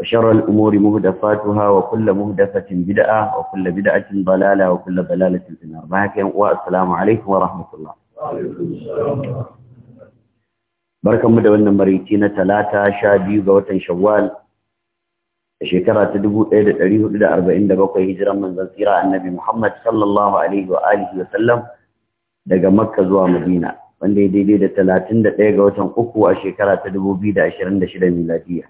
وشر الأمور مهدفاتها وكل مهدفة بدعة وكل بدعة ضلالة وكل ضلالة في النار السلام عليكم ورحمة الله barkan mu da wannan mariki na talata sha biyu ga watan shawwal a shekara ta dubu ɗaya da ɗari hudu da arba'in da bakwai hijiran manzan tsira annabi muhammad sallallahu alaihi wa alihi wa sallam daga makka zuwa madina wanda ya daidai da talatin da ɗaya ga watan uku a shekara ta dubu biyu da ashirin da shida miladiyya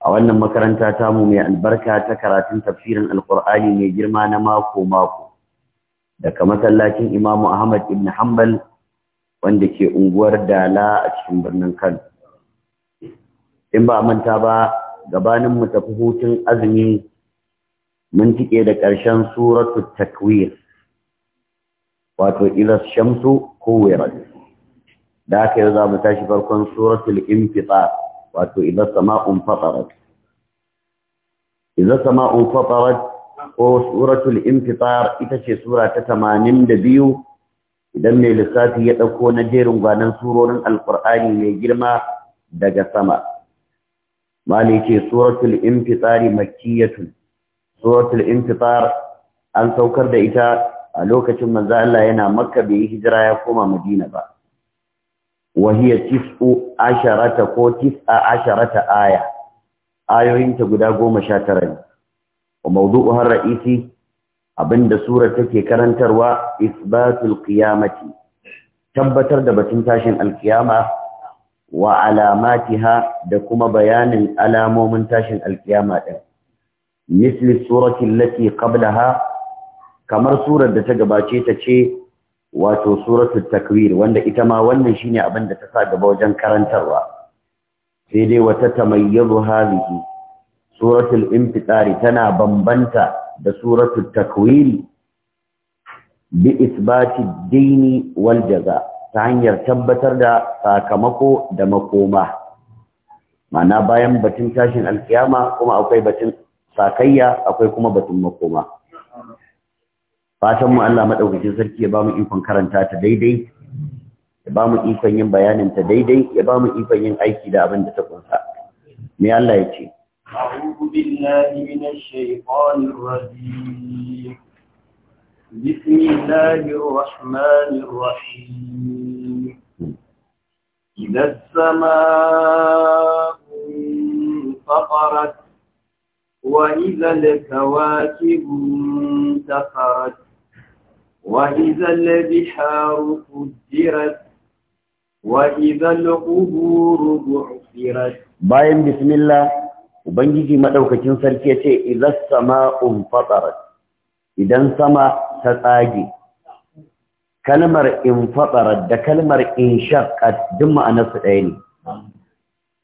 a wannan makaranta ta mu mai albarka ta karatun tafsirin alkur'ani mai girma na mako-mako daga masallacin imamu ahmad ibn hanbal wanda ke unguwar dala a cikin birnin kano in ba manta ba gabanin mu tafi hutun azumi mun tike da ƙarshen suratul takwir wato ila shamsu kuwirat da aka yau za mu tashi farkon suratul infitar wato idan sama'un fatarat idan sama'un fatarat ko suratul infitar ita ce sura ta 82 idan mai lissafi ya dauko na jerin gwanan surorin alqur'ani mai girma daga sama mali ce suratul infitar makkiyatu suratul infitar an saukar da ita a lokacin manzo Allah yana makka bai hijira ya koma madina ba wahiya tis'u asharata ko a asharata aya ayoyinta guda goma sha tara ne wa mawdu'uha abinda surar take karantarwa isbatul qiyamati tabbatar da batun tashin alkiyama wa ha da kuma bayanin alamomin tashin alkiyama din misli surati Lati qablaha kamar surar da ta gabace ta ce wato suratul takwir wanda ita ma wannan shine abin da ta sa gaba wajen karantarwa sai dai wata tamayyazu hadhihi suratul infitari tana bambanta da suratul takwir bi isbati dini wal jaza ta hanyar tabbatar da sakamako da makoma mana bayan batun tashin alkiyama kuma akwai batun sakayya akwai kuma batun makoma fatan mu Allah madaukakin sarki ya bamu ikon karanta ta daidai ya bamu ikon yin bayanin ta daidai ya bamu ikon yin aiki da abin da ta kunsa me Allah ya ce أعوذ بالله من الشيطان الرجيم بسم الله الرحمن الرحيم إذا السماء انفطرت وإذا الكواكب انتفرت وإذا البحار فجرت وإذا القبور بعثرت باين بسم الله Ubangiji madaukakin sarki yace idan sama'un fatarat idan sama ta tsage kalmar in fatarat da kalmar in shaqqat duk ma'anar su ɗaya ne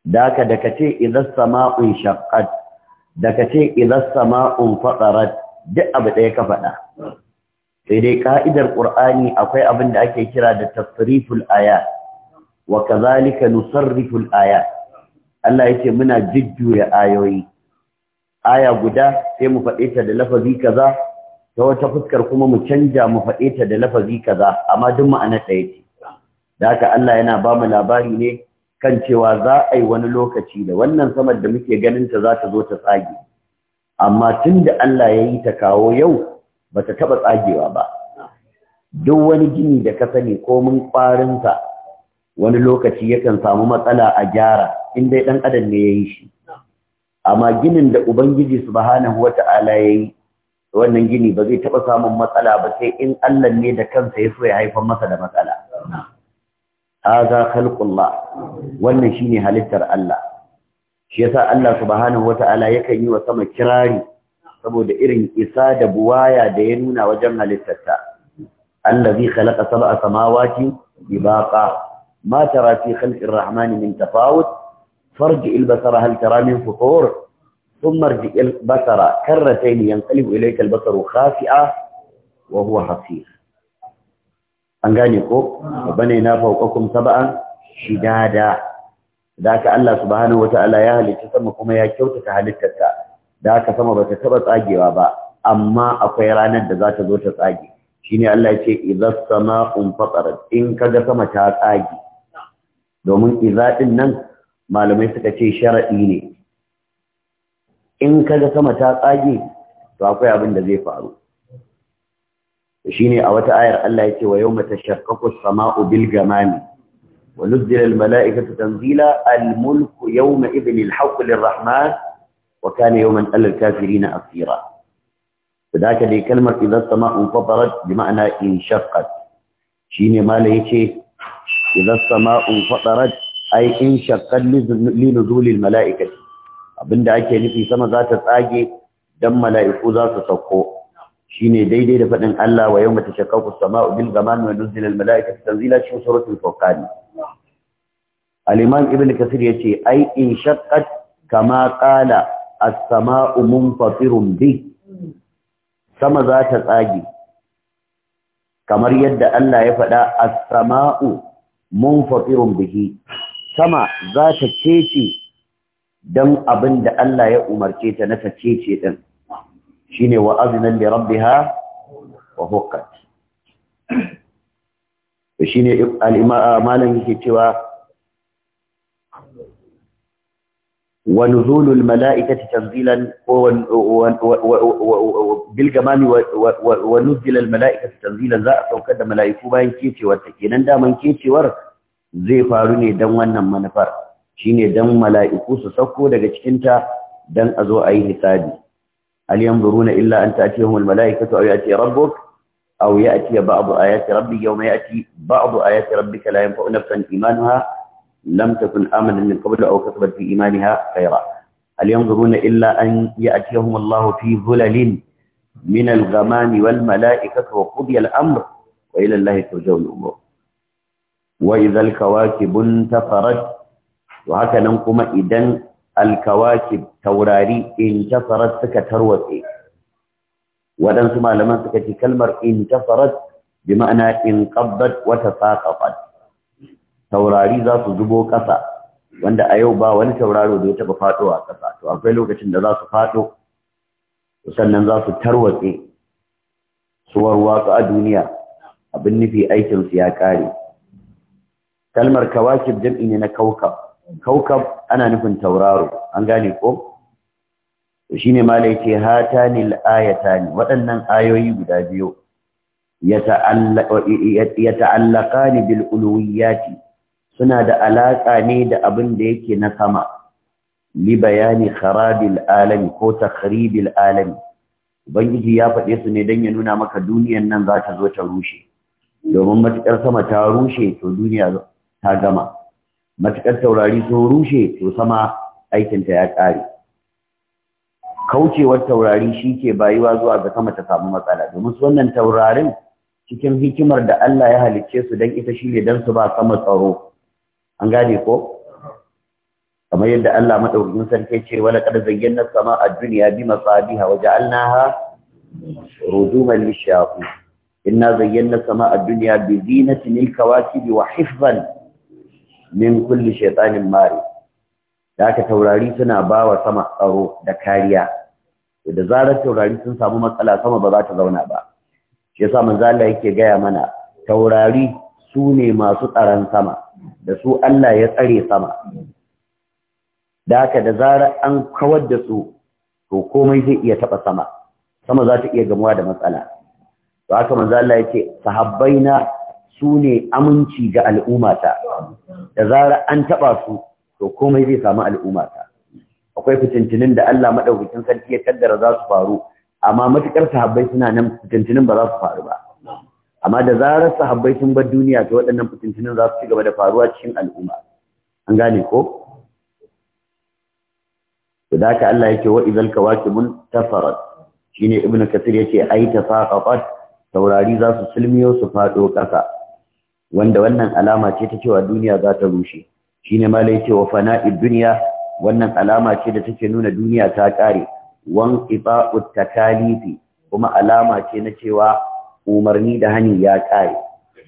daka da kace idan sama'un shaqqat da kace idan sama'un fatarat duk abu ɗaya ka faɗa sai dai ka'idar qur'ani akwai abin da ake kira da tasriful ayat wa kadhalika nusarriful ayat Allah yace muna jujjuya ayoyi aya guda sai mu faɗe ta da lafazi kaza ta wata fuskar kuma mu canja mu faɗe ta da lafazi kaza amma duk ma'ana ɗaya ce da haka Allah yana ba mu labari ne kan cewa za a yi wani lokaci da wannan samar da muke ganin ta za ta zo ta tsage amma tun da Allah ya yi ta kawo yau ba ta taɓa tsagewa ba duk wani gini da ka sani komin ƙwarinsa wani lokaci yakan samu matsala a gyara in dai ɗan adam ne ya yi shi amma ginin da ubangiji subhanahu wata'ala ya yi wannan gini ba zai taɓa samun matsala ba sai in allah ne da kansa ya so ya haifar masa da matsala haza khalqullah wannan shine halittar Allah shi yasa Allah subhanahu wata'ala yakan yi wa sama kirari saboda irin isa da buwaya da ya nuna wajen halittarta allazi khalaqa sab'a samawati bibaqa ma tara fi khalqir rahman min tafawut farji al-basara hal tara min futur thumma arji al-basara karratayn yanqalibu ilayka al-basaru khafi'a wa huwa hasir an gane ko bane na fawqakum sab'an shidada da ka Allah subhanahu wata'ala ya halitta sama kuma ya kyautata halittarta da haka sama ba ta taba tsagewa ba amma akwai ranar da za ta zo ta tsage shine Allah ya ce idza sama'un fatarat in kaga sama ta tsage domin idza din nan malamai suka ce sharadi ne in kaga sama ta tsage to akwai abin da zai faru shine a wata ayar Allah ya ce wa yawma tashaqqaqu as-sama'u bil ghamami wa nuzila al-mala'ikatu tanzila al-mulku yawma idhin al-haqqu lir-rahman wa kana yawman alal na asira sadaka dai kalmar idan sama'un fatarat bi ma'ana in shaqqat shine mala yace idan sama'un fatarat ai in shaqqat li abinda ake nufi sama za ta tsage don mala'iku za su sauko shine daidai da fadin Allah wa yawma tashaqqaqu shakaku sama bil ghamam mai nuzila al tanzila cikin suratul furqan al-imam ibn ya ce ai in shakkat kama ƙala." as-sama'u munfatirun bi sama za ta tsage kamar yadda Allah ya faɗa as-sama'u munfatirun bihi sama za ta cece dan abin da Allah ya umarce ta na ta cece din shine wa aznan li rabbiha wa huqqat shine al imama malam yake cewa ونزول الملائكة تنزيلا بالجمام ونزل الملائكة تنزيلا ذا سوكد ملائكو باين كيتي والتكينان دا من كيتي ور zai faru ne don wannan manufar shine don mala'iku su sauko daga cikinta don a zo a yi hisabi hal yanzuruna illa an ta'tiyahum al mala'ikatu aw ya'ti rabbuk aw ya'ti ba'd ayati rabbika yawma ya'ti ba'd ayati rabbika imanuha لم تكن آمنا من قبل أو كسبت في إيمانها خيرا هل ينظرون إلا أن يأتيهم الله في ظلل من الغمام والملائكة وقضي الأمر وإلى الله ترجع الأمور وإذا الكواكب انتفرت وهكذا نقوم إذن الكواكب توراري انتصرت سكتروتي ودن ثم لما سكت كلمة انتصرت بمعنى انقبضت وتساقطت taurari za su zubo ƙasa wanda a yau ba wani tauraro da ya taɓa faɗo a ƙasa to akwai lokacin da za su faɗo sannan za su tarwatse suwar wasu a duniya abin nufi aikinsu ya ƙare kalmar kawakib jam'i ne na kaukab kaukab ana nufin tauraro an gane ko shine malai ce hatani al waɗannan ayoyi guda biyu Ya yata'allaqani bil uluwiyati suna da alaƙa ne da abin da yake na sama li bayani kharabil alami ko takhribil alami ubangiji ya faɗe su ne don ya nuna maka duniyan nan za ta zo ta rushe domin matuƙar sama ta rushe to duniya ta gama matuƙar taurari sun rushe to sama aikinta ya ƙare kaucewar taurari shi ke bayuwa zuwa ga sama ta samu matsala domin su wannan taurarin cikin hikimar da Allah ya halicce su don ita shi ne don su ba sama tsaro an gane ko kamar yadda Allah madaukakin sarki ce wala kada zayyana samaa ad-dunya bi masabiha wa ja'alnaha rujuman lish inna zayyana samaa ad-dunya bi zinatin al-kawakib wa hifzan min kulli shaytanin mari da aka taurari suna bawa sama tsaro da kariya da zarar taurari sun samu matsala sama ba za ta zauna ba shi yasa manzo Allah yake gaya mana taurari su ne masu tsaron sama da su Allah ya tsare sama da ka da zarar an kawar da su to komai zai iya taɓa sama sama za ta iya gamuwa da matsala to haka manzo Allah ya ce sahabbaina su ne aminci ga al'ummata da zarar an taɓa su to komai zai samu al'ummata akwai fitintinin da Allah madaukakin sarki ya kaddara za su faru amma matukar sahabbai suna nan fitintinin ba za su faru ba amma da zarar sahabbai sun bar duniya to waɗannan fitintunan za su ci gaba da faruwa cikin al'umma an gane ko to da ka Allah yake wa idzal kawakibun tafarat shine ibnu kathir yake ai tafaqat taurari za su silmiyo su fado kasa wanda wannan alama ce ta cewa duniya za ta rushe shine ma yake wa fana'i dunya wannan alama ce da take nuna duniya ta kare wan ifa'ut takalifi kuma alama ce na cewa umarni da hani ya kare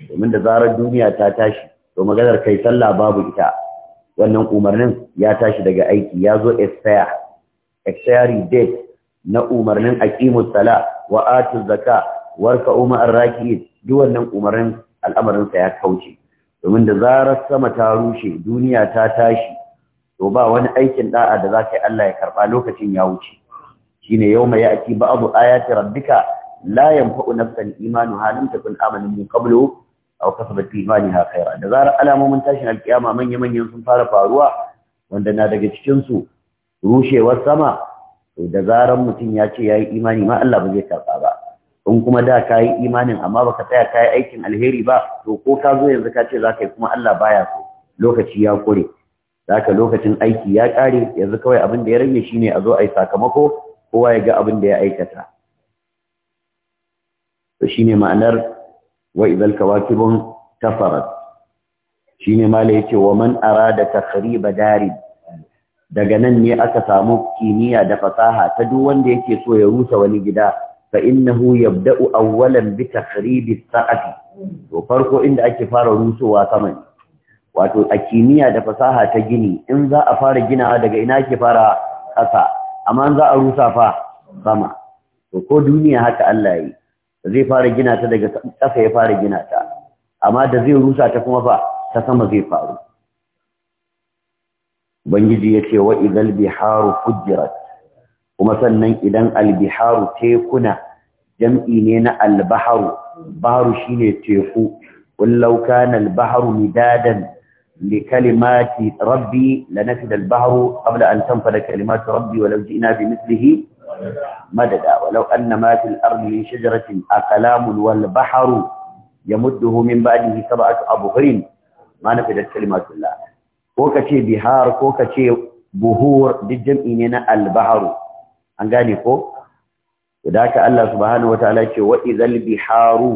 domin da zarar duniya ta tashi to maganar kai sallah babu ita wannan umarnin ya tashi daga aiki ya zo expire expiry date na umarnin aqimus sala wa atuz zaka warka umar raki'in duk wannan umarnin al'amarin sa ya kauce domin da zarar sama ta rushe duniya ta tashi to ba wani aikin da'a da za ka yi Allah ya karba lokacin ya wuce shine yawma ya'ti ba'du ayati rabbika la yanfa'u nafsan imanu halim takun amanu min qablu aw kasabat fi imaniha khayra da zarar alamomin tashin alkiyama manya manyan sun fara faruwa wanda na daga cikin su rushewar sama to da zarar mutum ya ce yayi imani ma Allah ba zai karba ba in kuma da ka yi imanin amma baka tsaya ka yi aikin alheri ba to ko ka zo yanzu ka ce za ka yi kuma Allah baya so lokaci ya kure zaka lokacin aiki ya kare yanzu kawai abin da ya rage shine a zo a yi sakamako kowa ya ga abin da ya aikata to shine ma'anar wa idhal kawakibun tafarat shine mala yace wa man arada takhriba dari daga nan ne aka samu kimiyya da fasaha ta duk wanda yake so ya rusa wani gida fa innahu yabda'u awwalan bi takhribi sa'ati to farko inda ake fara rusowa sama ne wato a kimiyya da fasaha ta gini in za a fara ginawa daga ina ake fara ƙasa amma za a rusa fa sama to ko duniya haka Allah yi zai fara gina ta daga ƙasa ya fara gina ta amma da zai rusa ta kuma ba ta sama zai faru Bangiji ya ce wa idal biharu kuma sannan idan albiharu tekuna jam'i ne na albaharu baharu shine teku wallau kana albaharu midadan li kalimati rabbi da albaharu da an tanfada kalimatu rabbi lauji ina bi mithlihi madada walau annama fil ardi min shajaratin aqlamun wal baharu yamudduhu min ba'dihi sab'atu abhurin ma nafi da kalimatullah ko kace bihar ko kace buhur duk jami ne na al baharu an gane ko da haka Allah subhanahu wataala ce wa idhal biharu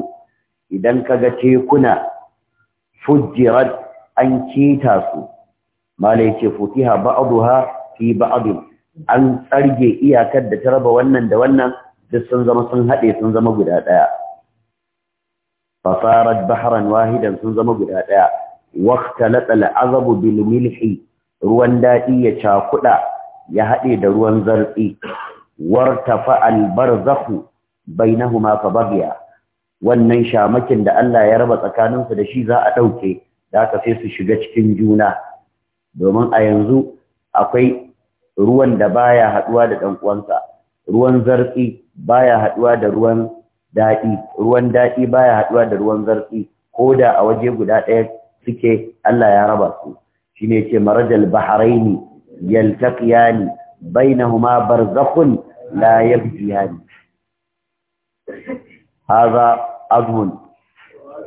idan kaga tekuna fujirat an kita su malai ce futiha ba'daha fi ba'dihi an tsarge iyakar da ta raba wannan da wannan duk sun zama sun haɗe sun zama guda ɗaya fasarat bahran wahidan sun zama guda ɗaya waqtalata azabu bil milhi ruwan daɗi ya cakuɗa ya haɗe da ruwan zartsi wartafa albarzakhu bainahuma ka babiya, wannan shamakin da Allah ya raba tsakaninsu da shi za a ɗauke da aka sai su shiga cikin juna domin a yanzu akwai ruwan da baya haduwa da dan uwansa ruwan zartsi baya haduwa da ruwan dadi ruwan dadi baya haduwa da ruwan zartsi koda a waje guda ɗaya suke Allah ya raba su shine yake marajal bahraini yaltaqiyani bainahuma barzakhun la yabghiyani hadha azmun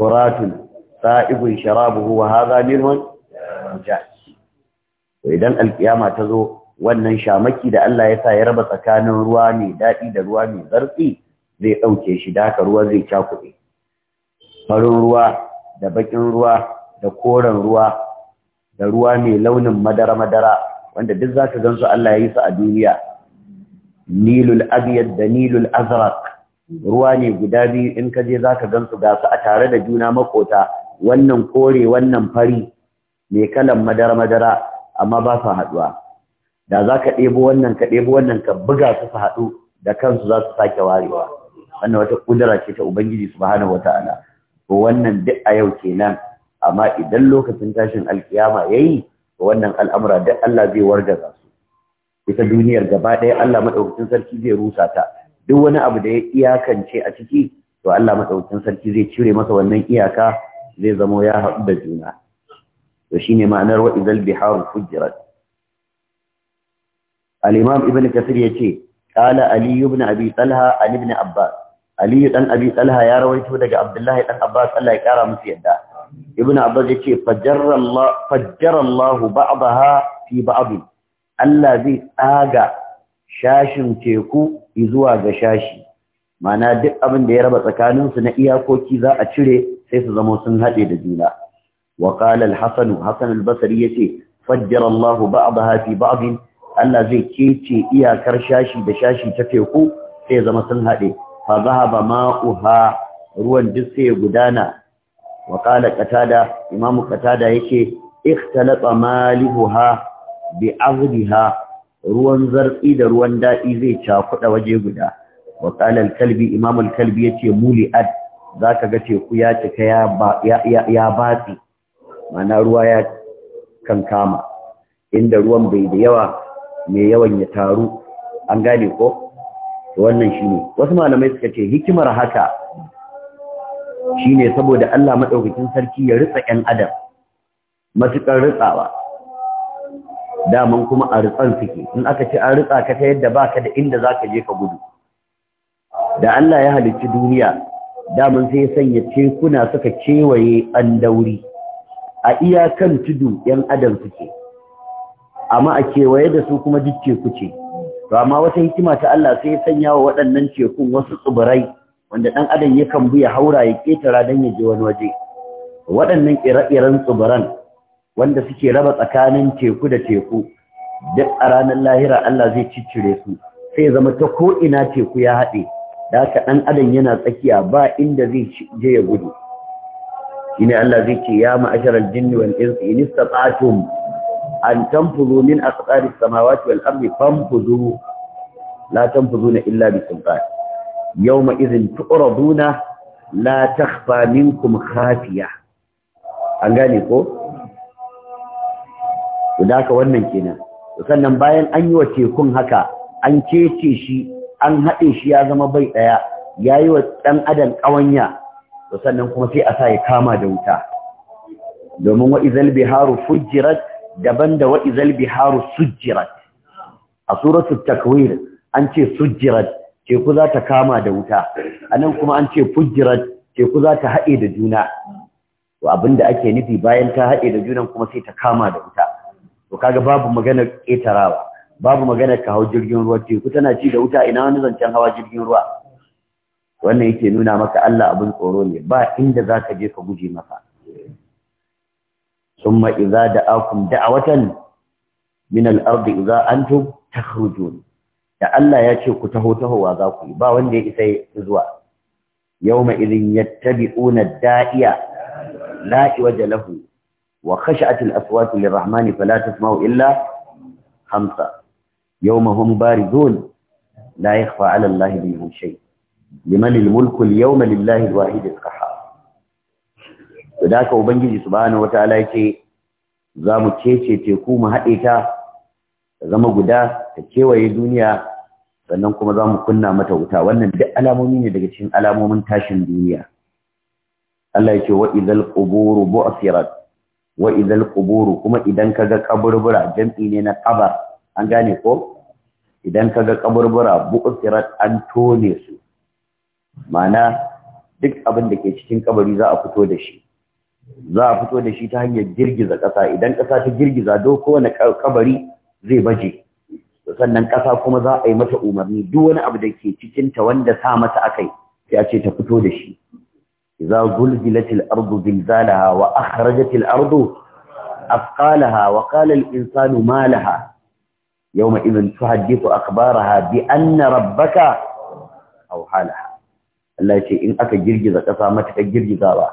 furatun sa'ibun sharabuhu wa hadha milhun idan alkiyama ta zo wannan shamaki da Allah ya sa ya raba tsakanin ruwa mai daɗi da ruwa mai zartsi zai ɗauke shi da haka ruwa zai cakuɗe farin ruwa da baƙin ruwa da koren ruwa da ruwa mai launin madara-madara wanda duk za ka gan su Allah ya yi su a duniya nilul abiyad da nilul azraq ruwa ne guda biyu in ka je za ka gan su ga su a tare da juna makota wannan kore wannan fari mai kalan madara-madara amma ba su haɗuwa da za ka ɗebo wannan ka ɗebo wannan ka buga su su haɗu da kansu za su sake warewa wannan wata ƙudura ce ta ubangiji subhanahu wata'ala to wannan duk a yau kenan amma idan lokacin tashin alkiyama yayi wannan al'amura duk Allah zai za su ita duniyar gaba ɗaya Allah maɗaukacin sarki zai rusa ta duk wani abu da ya iyakance a ciki to Allah maɗaukacin sarki zai cire masa wannan iyaka zai zamo ya haɗu da juna to shine ma'anar wa'izal idal biharu fujirat Alimam ibn kasir yace qala Aliyu ibn abi talha ali abbas Aliyu dan abi talha ya rawaito daga abdullahi ɗan abbas Allah ya kara musu yadda ibn abbas yace ce Allah fajjarra Allah fi ba'd Allah zai tsaga shashin teku zuwa ga shashi mana duk abin da ya raba tsakaninsu na iyakoki za a cire sai su zama sun haɗe da juna wa qala al-hasan hasan al-basri yace fajjara Allah ba'daha fi Allah zai kece iyakar shashi da shashi ta teku sai zama sun haɗe fa zahaba ma'uha ruwan duk sai ya gudana wa qala qatada imamu qatada yake ikhtalata malihuha bi azliha ruwan zartsi da ruwan dadi zai cakuɗa waje guda wa qala al-kalbi imamu al-kalbi yace muli'at zaka ga teku ya cika ya ya batsi mana ruwa ya kankama inda ruwan bai da yawa mai yawan ya taru an gane ko wannan shine wasu malamai suka ce hikimar haka shine saboda Allah madaukakin sarki ya ritsa ɗan adam matukar ritsawa daman kuma a ritsan suke in aka ce an ritsa ka ta yadda baka da inda zaka je ka gudu da Allah ya halicci duniya daman sai ya sanya tekuna suka kewaye an dauri a iyakan tudu ɗan adam suke amma a kewaye da su kuma duk teku ce to amma wata hikima ta Allah sai ya sanya wa waɗannan tekun wasu tsibirai wanda ɗan adam yakan bi ya haura ya ƙetara don ya je wani waje waɗannan ire-iren tsibiran wanda suke raba tsakanin teku da teku duk a ranar lahira Allah zai ciccire su sai zama ta ko ina teku ya haɗe da haka ɗan adam yana tsakiya ba inda zai je ya gudu shine Allah zai ce ya ma'asharal jinni wal insi in istata'tum an tanfudu min aqdari samawati wal ardi fanfudu la tanfuduna illa bi sultan yawma idhin tu'raduna la takhfa minkum khafiya an gane ko to ka wannan kenan sannan bayan an yi wa tekun haka an cece shi an hade shi ya zama bai daya ya yi wa ɗan adam ƙawanya sannan kuma sai a sa ya kama da wuta domin wa izal biharu fujirat daban da wa'izal biharu sujjirat a suratul takwir an ce sujjirat teku za ta kama da wuta anan kuma an ce fujjirat teku za ta haɗe da juna to abinda ake nufi bayan ta haɗe da junan kuma sai ta kama da wuta to kaga babu maganar ƙetarawa babu maganar ka hau jirgin ruwa teku tana ci da wuta ina wani zancen hawa jirgin ruwa wannan yake nuna maka Allah abin tsoro ne ba inda za ka je ka guje masa ثم إذا دعاكم دعوة من الأرض إذا أنتم تخرجون لألا يأتيك تهوته وذاكم باوان دي إسي إزواء يومئذ يتبعون الدائية لا إوج له وخشعت الأصوات للرحمن فلا تسمع إلا خمسة يوم هم باردون لا يخفى على الله منهم شيء لمن الملك اليوم لله الواحد القحار da haka ubangiji subhanahu wataala yake za mu cece teku mu haɗe ta ta zama guda ta kewaye duniya sannan kuma za mu kunna mata wuta wannan duk alamomi ne daga cikin alamomin tashin duniya Allah yake wa idal quburu bu'thirat wa idal quburu kuma idan kaga kaburbura jam'i ne na kabar an gane ko idan kaga kaburbura bu'thirat an tone su ma'ana duk abin da ke cikin kabari za a fito da shi za a fito da shi ta hanyar girgiza ƙasa idan ƙasa ta girgiza do kowane kabari zai baje sannan ƙasa kuma za a yi mata umarni duk wani abu da ke cikin ta wanda sa mata akai sai a ce ta fito da shi idza zulzilatil ardu zilzalaha wa akhrajatil ardu athqalaha wa qala al insanu ma laha yawma idhin tuhaddithu akhbaraha bi anna rabbaka aw halaha Allah ya ce in aka girgiza ƙasa mata girgizawa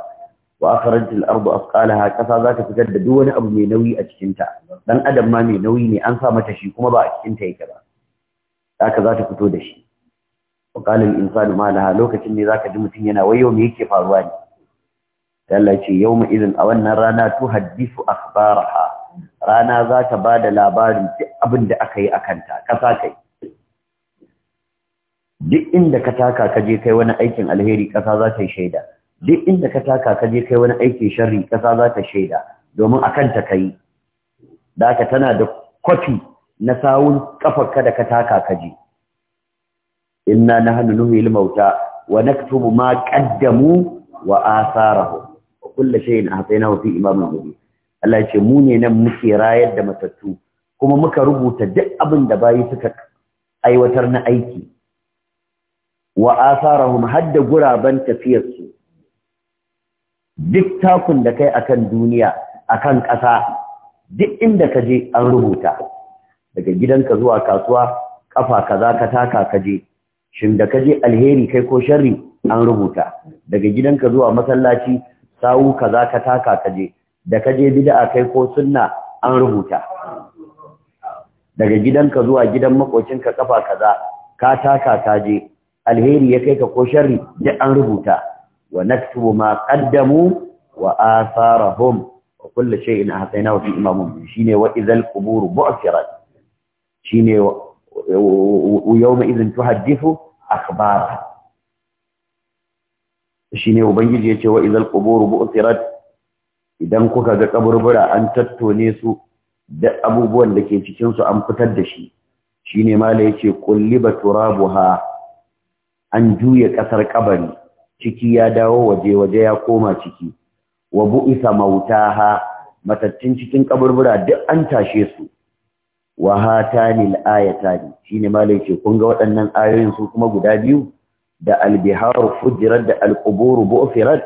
wa akhrajta al-ardu athqalaha kasa zaka fitar da duk wani abu mai nauyi a cikin ta dan adam ma mai nauyi ne an sa mata shi kuma ba a cikin ta yake ba zaka zata fito da shi wa qala al-insanu ma laha lokacin ne zaka ji mutun yana wayo me yake faruwa ne sai Allah ya ce yawma idhin a wannan rana tu tuhaddisu akhbaraha rana za ta bada labarin duk abin da aka yi akan ta kasa kai duk inda ka taka ka je kai wani aikin alheri kasa za yi shaida duk inda ka taka ka je kai wani aikin sharri ƙasa za ta shaida domin a kan ka yi da aka tana da kwafi na sawun ƙafarka da ka taka ka je inna na hannu nuhu ilmauta wa naktubu ma ƙaddamu wa asarahu wa kulla shayin a hatsayina fi imamun gobe Allah ce mu ne nan muke rayar da matattu kuma muka rubuta duk abin da bayi suka aiwatar na aiki wa asarahum hadda guraben tafiyarsu duk takun da kai akan duniya akan ƙasa duk inda ka je an rubuta daga gidanka zuwa kasuwa kafa kaza ka taka ka je shin da ka je alheri kai ko sharri an rubuta daga gidanka zuwa masallaci sawu kaza ka taka ka je da ka je bid'a kai ko sunna an rubuta daga gidanka zuwa gidan ka kafa kaza ka taka ka je alheri ya kai ka ko sharri duk an rubuta Wa nakutu mu maƙaddamu wa Asarahom, wa kulle sha'in Haseya na wasu imamomin, shi ne wa'izal kuburu bu'asirat, shi ne wuƴauma izin ta Shine bangiji yace wa'izal kuburu bu'asirat, idan kuka ga kaburbuda an tatto su, da abubuwan da ke cikin su an fitar da shi, shi ne yace ƙulli bata an juya ƙasar ƙabari. ciki ya dawo waje waje ya koma ciki wa bu'itha mautaha matattun cikin kaburbura duk an tashe su wa hatani al-ayatani shine malai ce kun ga waɗannan ayoyin su kuma guda biyu da al-biharu fujirat da al-quburu bu'firat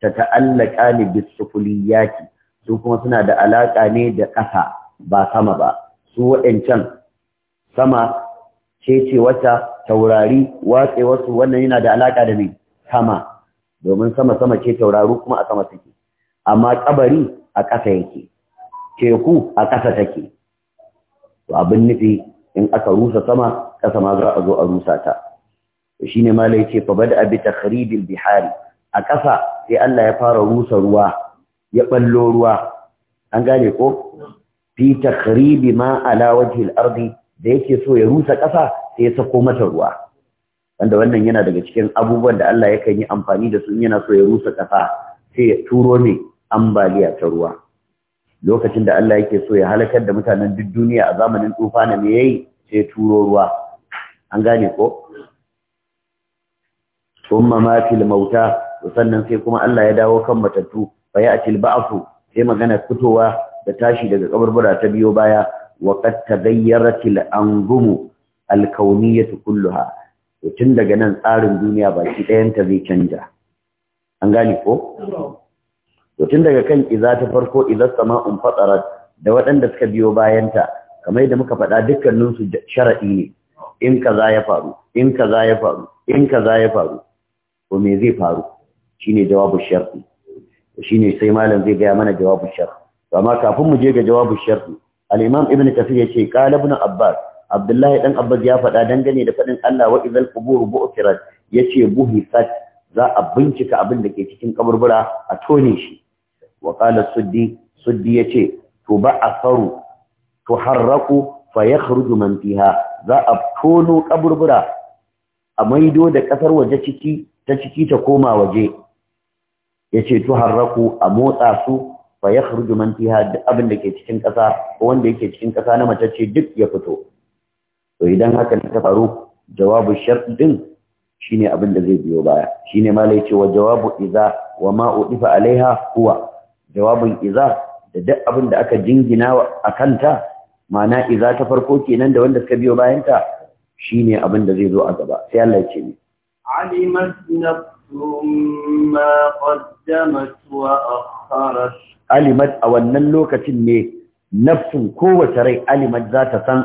tata'allaqa bis bisufuliyati su kuma suna da alaka ne da ƙasa ba sama ba su waɗancan sama ce wata taurari su wannan yana da alaka da ni? sama domin sama sama ce tauraro kuma a sama take amma kabari a ƙasa yake teku a ƙasa take to abin nufi in aka rusa sama ƙasa ma za a zo a rusa ta shi ne malai ce fa bada bi takhribil bihari a ƙasa sai Allah ya fara rusa ruwa ya ballo ruwa an gane ko fi takhribi ma ala wajhi al-ardi da yake so ya rusa ƙasa sai ya sako mata ruwa wanda wannan yana daga cikin abubuwan da Allah yakan yi amfani da su yana so ya rusa ƙasa sai ya turo ne ambaliya ta ruwa lokacin da Allah yake so ya halakar da mutanen duk duniya a zamanin na me yayi sai turo ruwa an gane ko thumma matil mauta sannan sai kuma Allah ya dawo kan matattu fa ya'til ba'su sai magana fitowa da tashi daga kaburbura ta biyo baya wa qad tagayyaratil angumu al-kawniyatu kulluha to tun daga nan tsarin duniya baki ɗayanta zai canja an gani ko to tun daga kan iza ta farko iza sama'un fatsarat da waɗanda suka biyo bayanta kamar yadda muka faɗa dukkaninsu sharaɗi ne in kaza ya faru in kaza ya faru in kaza ya faru to me zai faru shine jawabu sharti shine sai malam zai gaya mana jawabu sharti amma kafin mu je ga jawabu sharti al-imam ibn kathir yace qala ibn abbas Abdullahi dan Abbas ya faɗa dangane da faɗin Allah wa idzal qubur bu'thirat yace buhisat za a bincika abin da ke cikin kaburbura a tone shi wa qala suddi suddi yace to ba asaru harraku fa yakhruju man fiha za a tono kaburbura a maido da kasar waje ciki ta ciki ta koma waje yace harraku a motsa su fa yakhruju man fiha abin da ke cikin kasa wanda yake cikin kasa na mace ce duk ya fito to idan hakan ta faru jawabu shart din shine abin da zai biyo baya shine ma lai cewa jawabu iza wa ma udifa alaiha huwa Jawabin iza da duk abin da aka jingina a kanta ma'ana iza ta farko kenan da wanda suka biyo bayan ta shine abin da zai zo a gaba sai Allah ya ce ni alimat qaddamat wa وأخرت alimat a wannan lokacin ne nafsin kowace rai alimat za ta san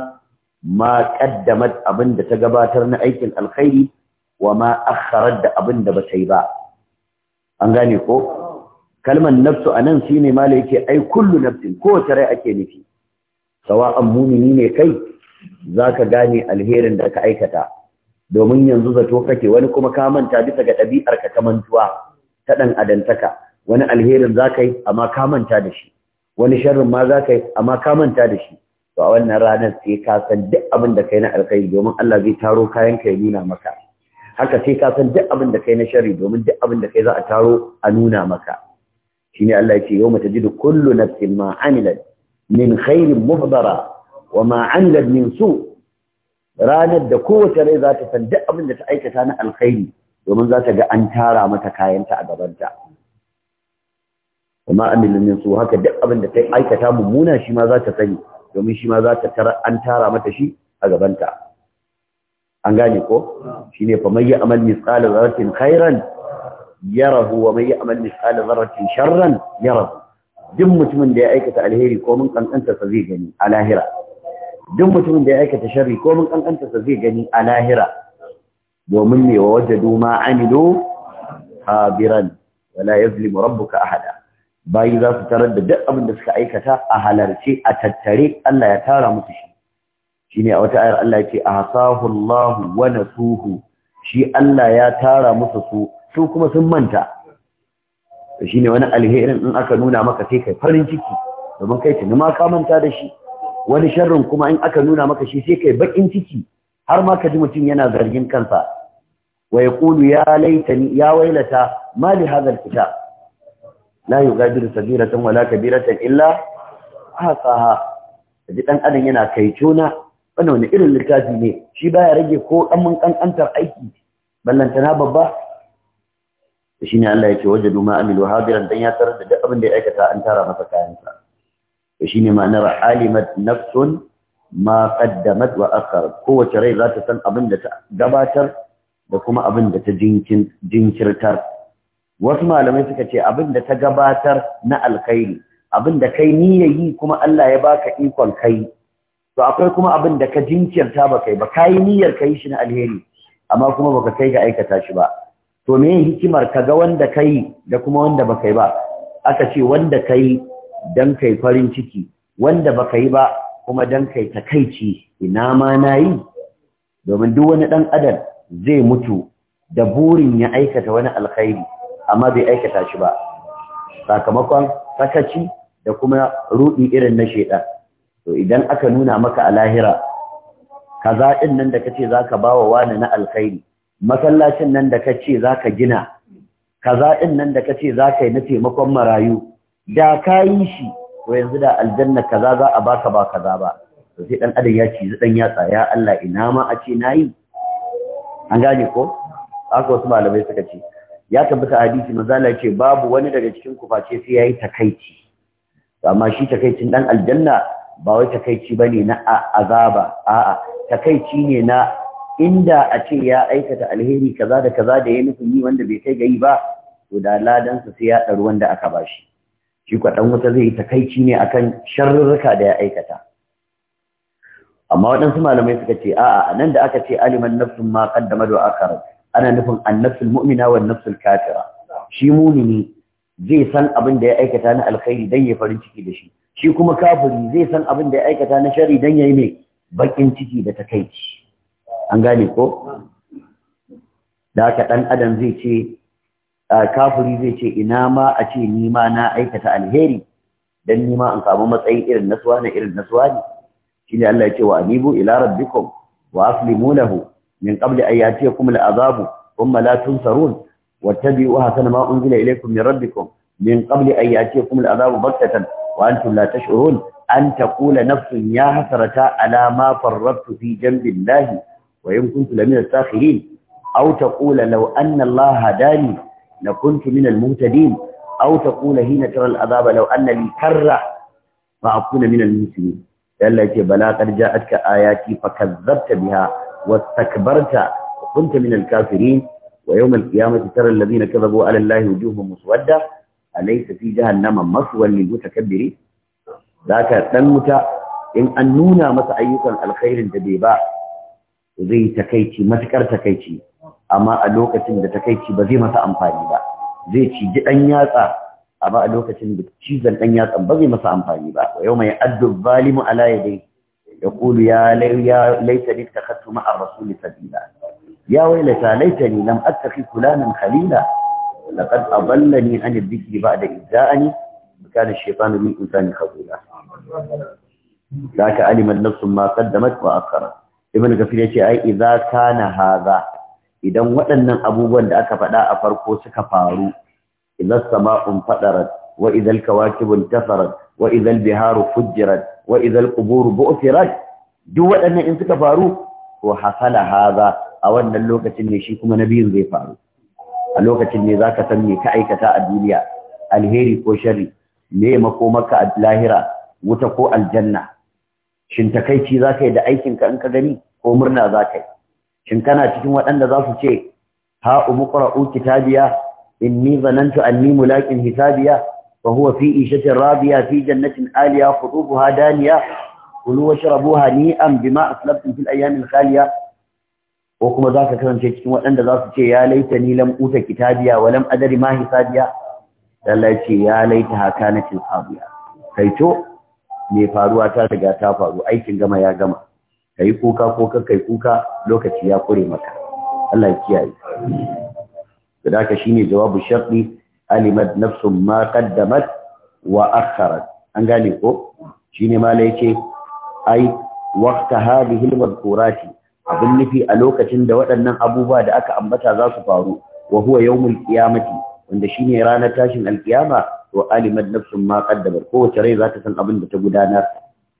ma abin da ta gabatar na aikin alkhairi wa ma akharat da abinda ba ta yi ba an gane ko kalmar nafsu anan shine malai yake ai kullu nafsin ko rai ake nufi sawa'an mumini ne kai zaka gane alherin da ka aikata domin yanzu zato kake wani kuma ka manta bisa ga ɗabi'ar ka ta mantuwa ta dan adantaka wani alherin zaka yi amma ka manta da shi wani sharrin ma zaka yi amma ka manta da shi to a wannan ranar sai ka san duk abin da kai na alkhairi domin Allah zai taro kayan ka ya nuna maka haka sai ka san duk abin da kai na shari domin duk abin da kai za a taro a nuna maka shine Allah ya ce yawma tajidu kullu nafsin ma amilat min khairin muhdara wa ma amilat min su' ranar da kowace rai za ta san duk abin da ta aikata na alkhairi domin za ta ga an tara mata kayanta a gabanta kuma amilin su haka duk abin da ta aikata mummuna shi ma za ta sani domin shi ma za ta tara an tara mata shi a gabanta an gane ko shine fa may ya'mal mithqala dharratin khairan yarahu wa may ya'mal mithqala dharratin sharran yarahu duk mutumin da ya aikata alheri ko mun kankanta sa zai gani a lahira duk mutumin da ya aikata sharri ko mun kankanta sa zai gani a lahira domin ne wa wajadu ma amilu habiran wala yazlimu rabbuka ahada bayi za su tarar da duk abin da suka aikata a halarce a tattare Allah ya tara musu shi ne a wata ayar Allah 'A ahsahu Allah wa nasuhu shi Allah ya tara musu su su kuma sun manta ne wani alherin in aka nuna maka sai kai farin ciki domin kai tuni ma ka manta da shi wani sharrin kuma in aka nuna maka shi sai kai bakin ciki har ma ka ji mutum yana zargin kansa wa yaqulu ya laitani ya wailata ma li hadha la yugadiru sabiratan wala kabiratan illa ahsaha ji dan adam yana kai tona wannan wani irin littafi ne shi baya rage ko dan mun kankantar aiki ballantana babba shine Allah ya ce wajadu ma amilu hadiran dan ya tarar da abin da ya aikata an tara masa kayan sa shine ma'anar alimat nafsun ma qaddamat wa akhar rai za ta san abin da ta gabatar da kuma abin da ta jinkirtar wasu malamai suka ce abin da ta gabatar na alkhairi abin da kai niyya yi kuma Allah ya baka ikon kai to akwai kuma abin da ka jinkirta ba kai ba kai niyyar kai shi na alheri amma kuma baka kai ga aikata shi ba to me hikimar ka ga wanda kai da kuma wanda baka yi ba aka ce wanda kai dan kai farin ciki wanda baka yi ba kuma dan kai takaici ina ma nayi domin duk wani dan adam zai mutu da burin ya aikata wani alkhairi amma bai aikata shi ba sakamakon sakaci da kuma rudi irin na shedan to idan aka nuna maka alahira kaza din nan da kace zaka bawa wani na alkhairi masallacin nan da kace zaka gina kaza din nan da kace zaka yi na taimakon marayu da kayi shi to yanzu da aljanna kaza za a baka ba kaza ba to sai dan adam ya ci dan yatsa ya Allah ina ma a ce nayi an gane ko haka wasu malamai suka ce ya tabbata hadisi manzala ce babu wani daga cikin ku face sai yayi takaici amma shi takaicin dan aljanna ba wai takaici bane na azaba a'a takaici ne na inda a ce ya aikata alheri kaza da kaza da ya nufin wanda bai kai ga yi ba to da ladan sa sai ya daru wanda aka bashi shi Shi dan wuta zai takaici ne akan sharrurruka da ya aikata amma waɗansu malamai suka ce a'a nan da aka ce aliman nafsun ma qaddama wa akharat ana nufin annafsul mu'mina wa nafsul kafira shi mumini zai san abin da ya aikata na alkhairi dan ya farin ciki da shi shi kuma kafiri zai san abin da ya aikata na shari dan yayi mai bakin ciki da takaici an gane ko da haka dan adam zai ce kafiri zai ce ina ma a ce ni ma na aikata alheri dan ni ma an samu matsayi irin na na irin na ne shine Allah ya ce wa anibu ila rabbikum wa aslimu lahu min qabli an yatiyakum al'azabu thumma la tunsarun wattabi'u hasana ma unzila ilaykum min rabbikum min qabli al'azabu wa antum la tash'urun an taqula nafsun ya hasrata ala ma farrattu fi janbi wa in kuntu lamina as-sakhirin aw taqula law anna allaha hadani لكنت من المهتدين أو تقول حين ترى واستكبرت وكنت من الكافرين ويوم القيامة ترى الذين كذبوا على الله وجوههم مسودة أليس في جهنم مثوى للمتكبرين ذاك تنمت إن أن نونا مسعيكا الخير تبيبا zai takaici matukar takaici amma a lokacin da takaici ba zai masa amfani ba zai ci dan yatsa amma a lokacin da cizon ɗan yatsa ba zai masa amfani ba wa yau mai addu ala ya kulu ya laita ni takattu ma'ar rasul sabila ya wailata laita ni lam attaqi fulanan khalila laqad aballani an al-dhikri ba'da idza'ani kana ash-shaytanu min insani khabula zaka alima an-nafs ma qaddamat wa akharat ibn kafir yace ai ka na haza? idan waɗannan abubuwan da aka faɗa a farko suka faru idza sama'un fadarat wa kawaki al-kawakib intasarat wa biharu fujirat wa idhal qubur bu'thirat duk waɗannan in suka faru to hasala hadha a wannan lokacin ne shi kuma nabiyin zai faru a lokacin ne zaka san me ka aikata a duniya alheri ko sharri me makomaka a lahira wuta ko aljanna shin takaici zaka yi da aikin ka in ka gani ko murna zaka yi shin kana cikin waɗanda za su ce ha umqra'u kitabiya inni zanantu anni mulakin hisabiya وهو في إشة رابية في جنة آلية خطوبها دانية كلوا واشربوا هنيئا بما أسلفتم في الأيام الخالية وكما ذاك كلام شيء cikin waɗanda za su ce ya laitani nilan uta kitabiya wa lam adari ma ce ya laita haka na tilhabiya kai me faruwa ta riga ta faru aikin gama ya gama kai kuka ko kai kuka lokaci ya kure maka Allah ya kiyaye da haka shine jawabu sharri alimat nafsun ma qaddamat wa akharat an gane ko shine mala yake ai waqta hadhihi al-madhkurati abin nufi a lokacin da waɗannan abubuwa da aka ambata za su faru wa huwa yawmul qiyamati wanda shine ranar tashin alkiyama wa alimat nafsun ma qaddamat kowace rai za ta san abin da ta gudanar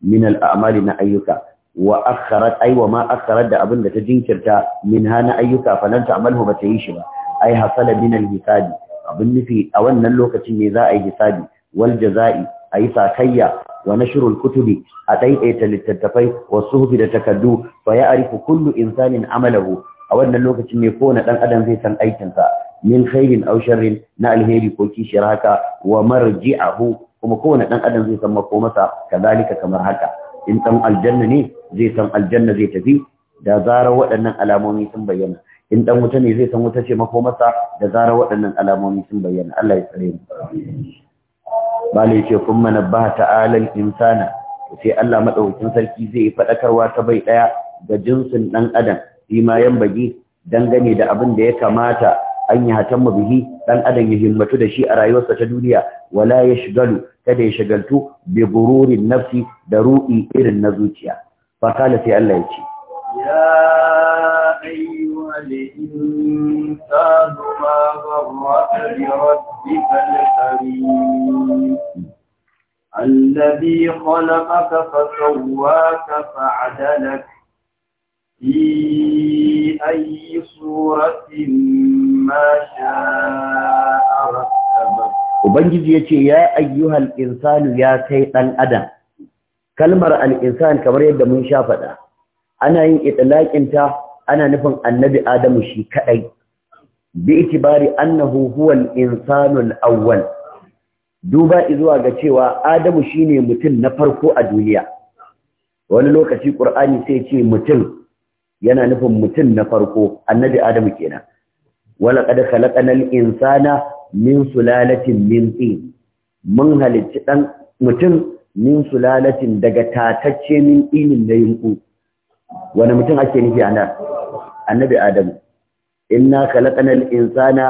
min al-a'mali na ayyuka wa akharat ay wa ma akharat da abin da ta jinkirta min hana ayyuka fa lan ta'malhu ba ta yi shi ba ai hasala min al-hisabi abin nufi a wannan lokacin ne za a yi hisabi wal jaza'i a yi sakayya wa nashrul kutubi a ɗaiɗaita littattafai wa suhufi da takaddu fa ya'rifu kullu insanin amalahu a wannan lokacin ne kowane ɗan adam zai san aikinsa min khairin aw sharrin na alheri ko kishiyar haka wa marji'ahu kuma kowane ɗan adam zai san makomasa kazalika kamar haka in ɗan aljanna ne zai san aljanna zai tafi da zarar waɗannan alamomi sun bayyana in dan wuta ne zai san wuta ce mako masa da zarar waɗannan alamomi sun bayyana Allah ya tsare mu Bale ce kun manabbaha ta'ala insana sai Allah madaukakin sarki zai fadakarwa ta bai daya ga jinsin dan adam shi ma dangane da abin da ya kamata an yi hatan bihi dan adam ya himmatu da shi a rayuwarsa ta duniya wala ya shigalu kada ya shagaltu bi gururin nafsi da ruɗi irin na zuciya fa kala sai Allah ya ce ya الإنسان ما غرك بربك الكريم الذي خلقك فسواك فعدلك في أي صورة ما شاء رتبك Ubangiji ya ce, “Ya ayyuhal insanu ya kai ɗan adam, kalmar al'insan kamar yadda mun sha faɗa, ana yin itilaƙinta ana nufin annabi adamu shi kaɗai. bi itibari annahu huwa al-insanu al-awwal duba zuwa ga cewa adamu shine mutum na farko a duniya wani lokaci qur'ani sai ce mutum yana nufin mutum na farko annabi adamu kenan wala qad khalaqnal insana min sulalatin min tin mun halicci dan mutum min sulalatin daga tatacce min ilin da yunku wani mutum ake nufi a nan annabi adamu inna khalaqanal insana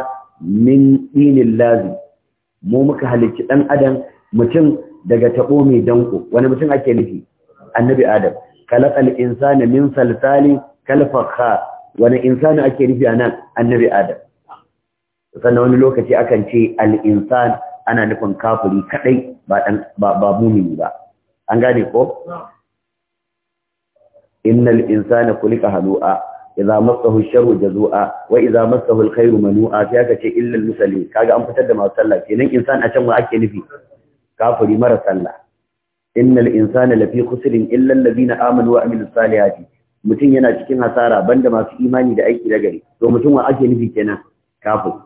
min dinin lazi mu muka halicci dan adam mutum daga tabo mai danko wani mutum ake nufi annabi adam khalaqal insana min salsali kal fakha wani insana ake nufi a nan annabi adam sannan wani lokaci akan ce al-insan ana nufin kafiri kadai ba ba mumini ba an gane ko innal insana kulika halu'a idza massahu sharru jazua wa idza massahu alkhairu manu'a sai aka ce illa almusallin kaga an fitar da masu sallah kenan insan a can wa ake nufi kafiri mara sallah innal insana lafi khusrin illa alladhina amanu wa amilus salihati mutum yana cikin hasara banda masu imani da aiki da gari to mutum wa ake nufi kenan kafiri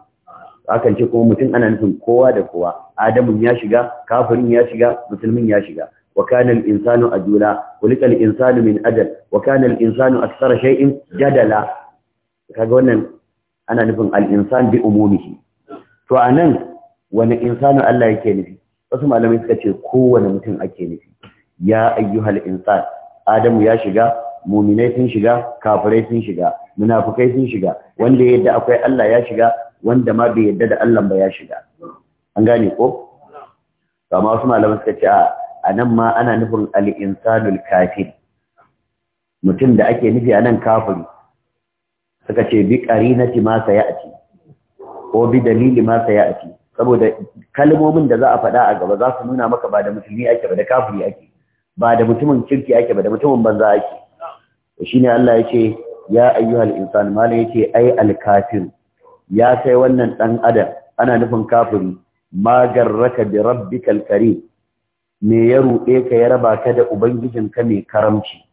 akan ce kuma mutum ana nufin kowa da kowa adamun ya shiga kafirin ya shiga musulmin ya shiga وكان الإنسان أجولا خلق الإنسان من أجل وكان الإنسان أكثر شيء جدلا كقولنا أنا نفهم الإنسان بأمومه فأنا وأنا إنسان الله يكيني wasu malamai suka ce kowane mutum ake nufi ya ayyuhal insan adamu ya shiga muminai sun shiga kafirai sun shiga munafukai sun shiga wanda yadda akwai Allah ya shiga wanda ma bai yadda da Allah ba ya shiga an gane ko amma wasu malamai suka ce a a nan ma ana nufin al'insanul kafin mutum da ake nufi a nan kafin suka ce bi na ma masa a ci ko bi dalili masa ya a ci saboda kalmomin da za a faɗa a gaba za su nuna maka ba da musulmi ake ba da kafin ake ba da mutumin kirki ake ba da mutumin banza ake shi ne Allah ya ce ya ayyu al’insan mala ya ce ai alkafin. ya sai wannan ɗan adam ana nufin kafin Magar, garraka bi rabbikal karim me ya ruɗe ka ya raba ka da ubangijinka mai karamci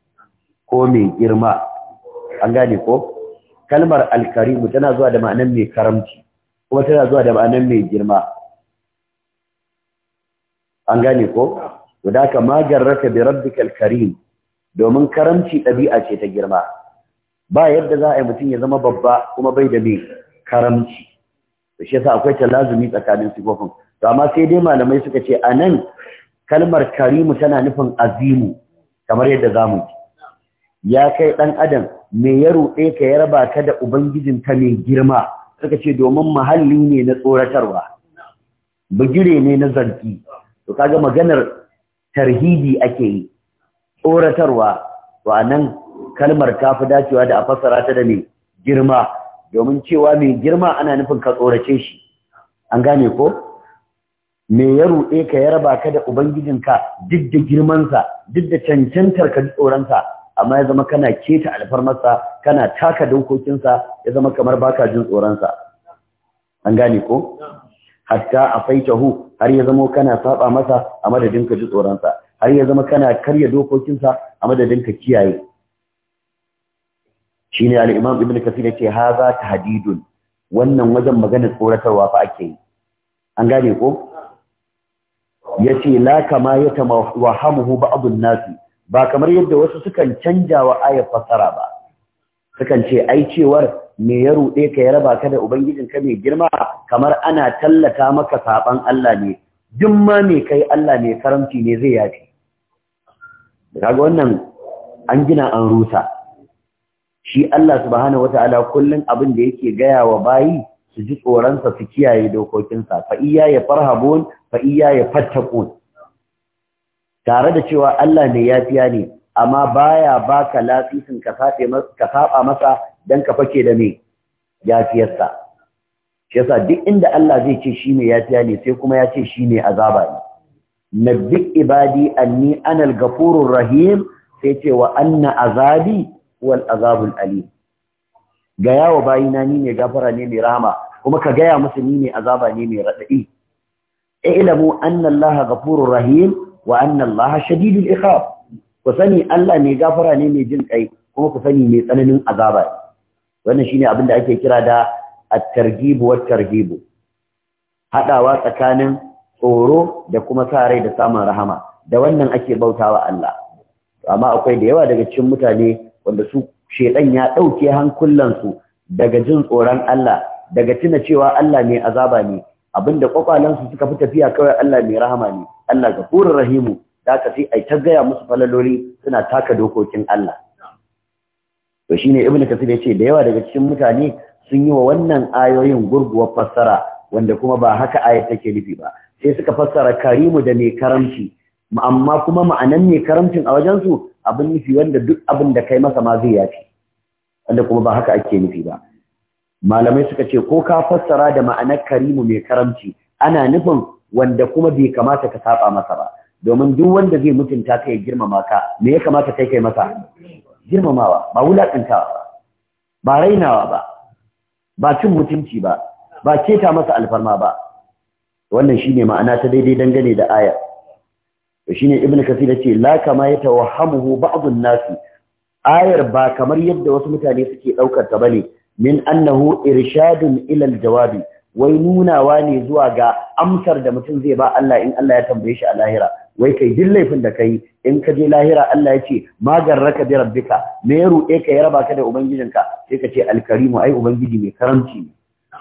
ko mai girma an gane ko kalmar alkarimu tana zuwa da ma'anar mai karamci kuma tana zuwa da ma'anar mai girma an gane ko Wadaka ka magarraka bi rabbikal karim domin karamci ɗabi'a ce ta girma ba yadda za a yi mutum ya zama babba kuma bai da mai karamci da shi yasa akwai talazumi tsakanin sifofin to amma sai dai malamai suka ce anan kalmar karimu tana nufin azimu kamar yadda zamu ji ya kai dan adam me ya ruɗe ka ya raba ka da ubangijin ta mai girma suka ce domin mahalli ne na tsoratarwa bigire ne na zargi to kaga maganar tarhidi ake yi tsoratarwa to anan kalmar ta fi dacewa da a fassara ta da mai girma domin cewa mai girma ana nufin ka tsorace shi an gane ko me ya ruɗe ka ya raba ka da ubangijinka duk da girmansa duk da cancantar ka tsoronsa amma ya zama kana keta alfarmarsa kana taka dokokinsa ya zama kamar baka jin tsoronsa an gane ko hatta a hu, har ya zama kana saba masa a madadin ka ji tsoronsa har ya zama kana karya dokokinsa a madadin ka kiyaye shine alimam imam ibnu kasir ce haza ta Hadidun, wannan wajen magana tsoratarwa fa ake yi an gane ko yace la kama yatamawahamuhu ba'dun nasi ba kamar yadda wasu sukan canja wa ayar fasara ba sukan ce ai cewar me ya ruɗe ka ya raba ka da ubangijin ka mai girma kamar ana tallata maka saban Allah ne duk ma me kai Allah ne karamci ne zai yafi kaga wannan an gina an rusa shi Allah subhanahu wataala kullun abin da yake gaya wa bayi su ji tsoronsa su kiyaye dokokinsa fa iya ya farhabun fa iya ya fattakun tare da cewa Allah ne yafiya ne amma baya baka lafisin ka saba masa dan ka fake da me yafiyarsa shi yasa duk inda Allah zai ce shi ne yafiya ne sai kuma ya ce shi ne azaba ne nabbi ibadi anni Anal al rahim sai ce wa anna azabi wal azabul alim ga yawo bayina ni ne gafara ne mai rahama kuma ka gaya musu ni ne azaba ne mai raɗaɗi ilamu anna Allah ghafurur rahim wa anna Allah shadidul iqab ku sani Allah mai gafara ne mai jin kai kuma ku sani mai tsananin azaba wannan shine abin da ake kira da at-targhib wa targhib hadawa tsakanin tsoro da kuma sa rai da samun rahama da wannan ake bautawa Allah amma akwai da yawa daga cikin mutane wanda su shedan ya dauke hankulansu daga jin tsoron Allah daga tuna cewa Allah mai azaba ne abinda kwakwalansu suka fi tafiya kawai Allah mai rahama ne Allah gafurur rahimu da ka sai ai ta gaya musu falaloli suna taka dokokin Allah to shine ibnu kasir ce da yawa daga cikin mutane sun yi wa wannan ayoyin gurguwar fassara wanda kuma ba haka ayat take nufi ba sai suka fassara karimu da mai karamci amma kuma ma'anan mai karamcin a su? abin nufi wanda duk abin da kai masa ma zai yafi wanda kuma ba haka ake nufi ba malamai suka ce ko ka fassara da ma'anar karimu mai karamci ana nufin wanda kuma bai kamata ka saba masa ba domin duk wanda zai mutunta ka ya girmama ka me ya kamata kai kai masa girmamawa ba wulakantawa ba ba rainawa ba ba cin mutunci ba ba keta masa alfarma ba wannan shine ma'ana ta daidai dangane da aya. to shine ibn kasir ce, la kama ya ba'd an nasi ayar ba kamar yadda wasu mutane suke daukar ta bane min annahu irshadun ila al-jawabi wai nunawa ne zuwa ga amsar da mutum zai ba Allah in Allah ya tambaye shi a lahira wai kai duk laifin da kai in ka je lahira Allah ya ce magarraka bi rabbika me ya ruɗe ka ya raba ka da ubangijinka sai ka ce alkarimu ai ubangiji mai karamci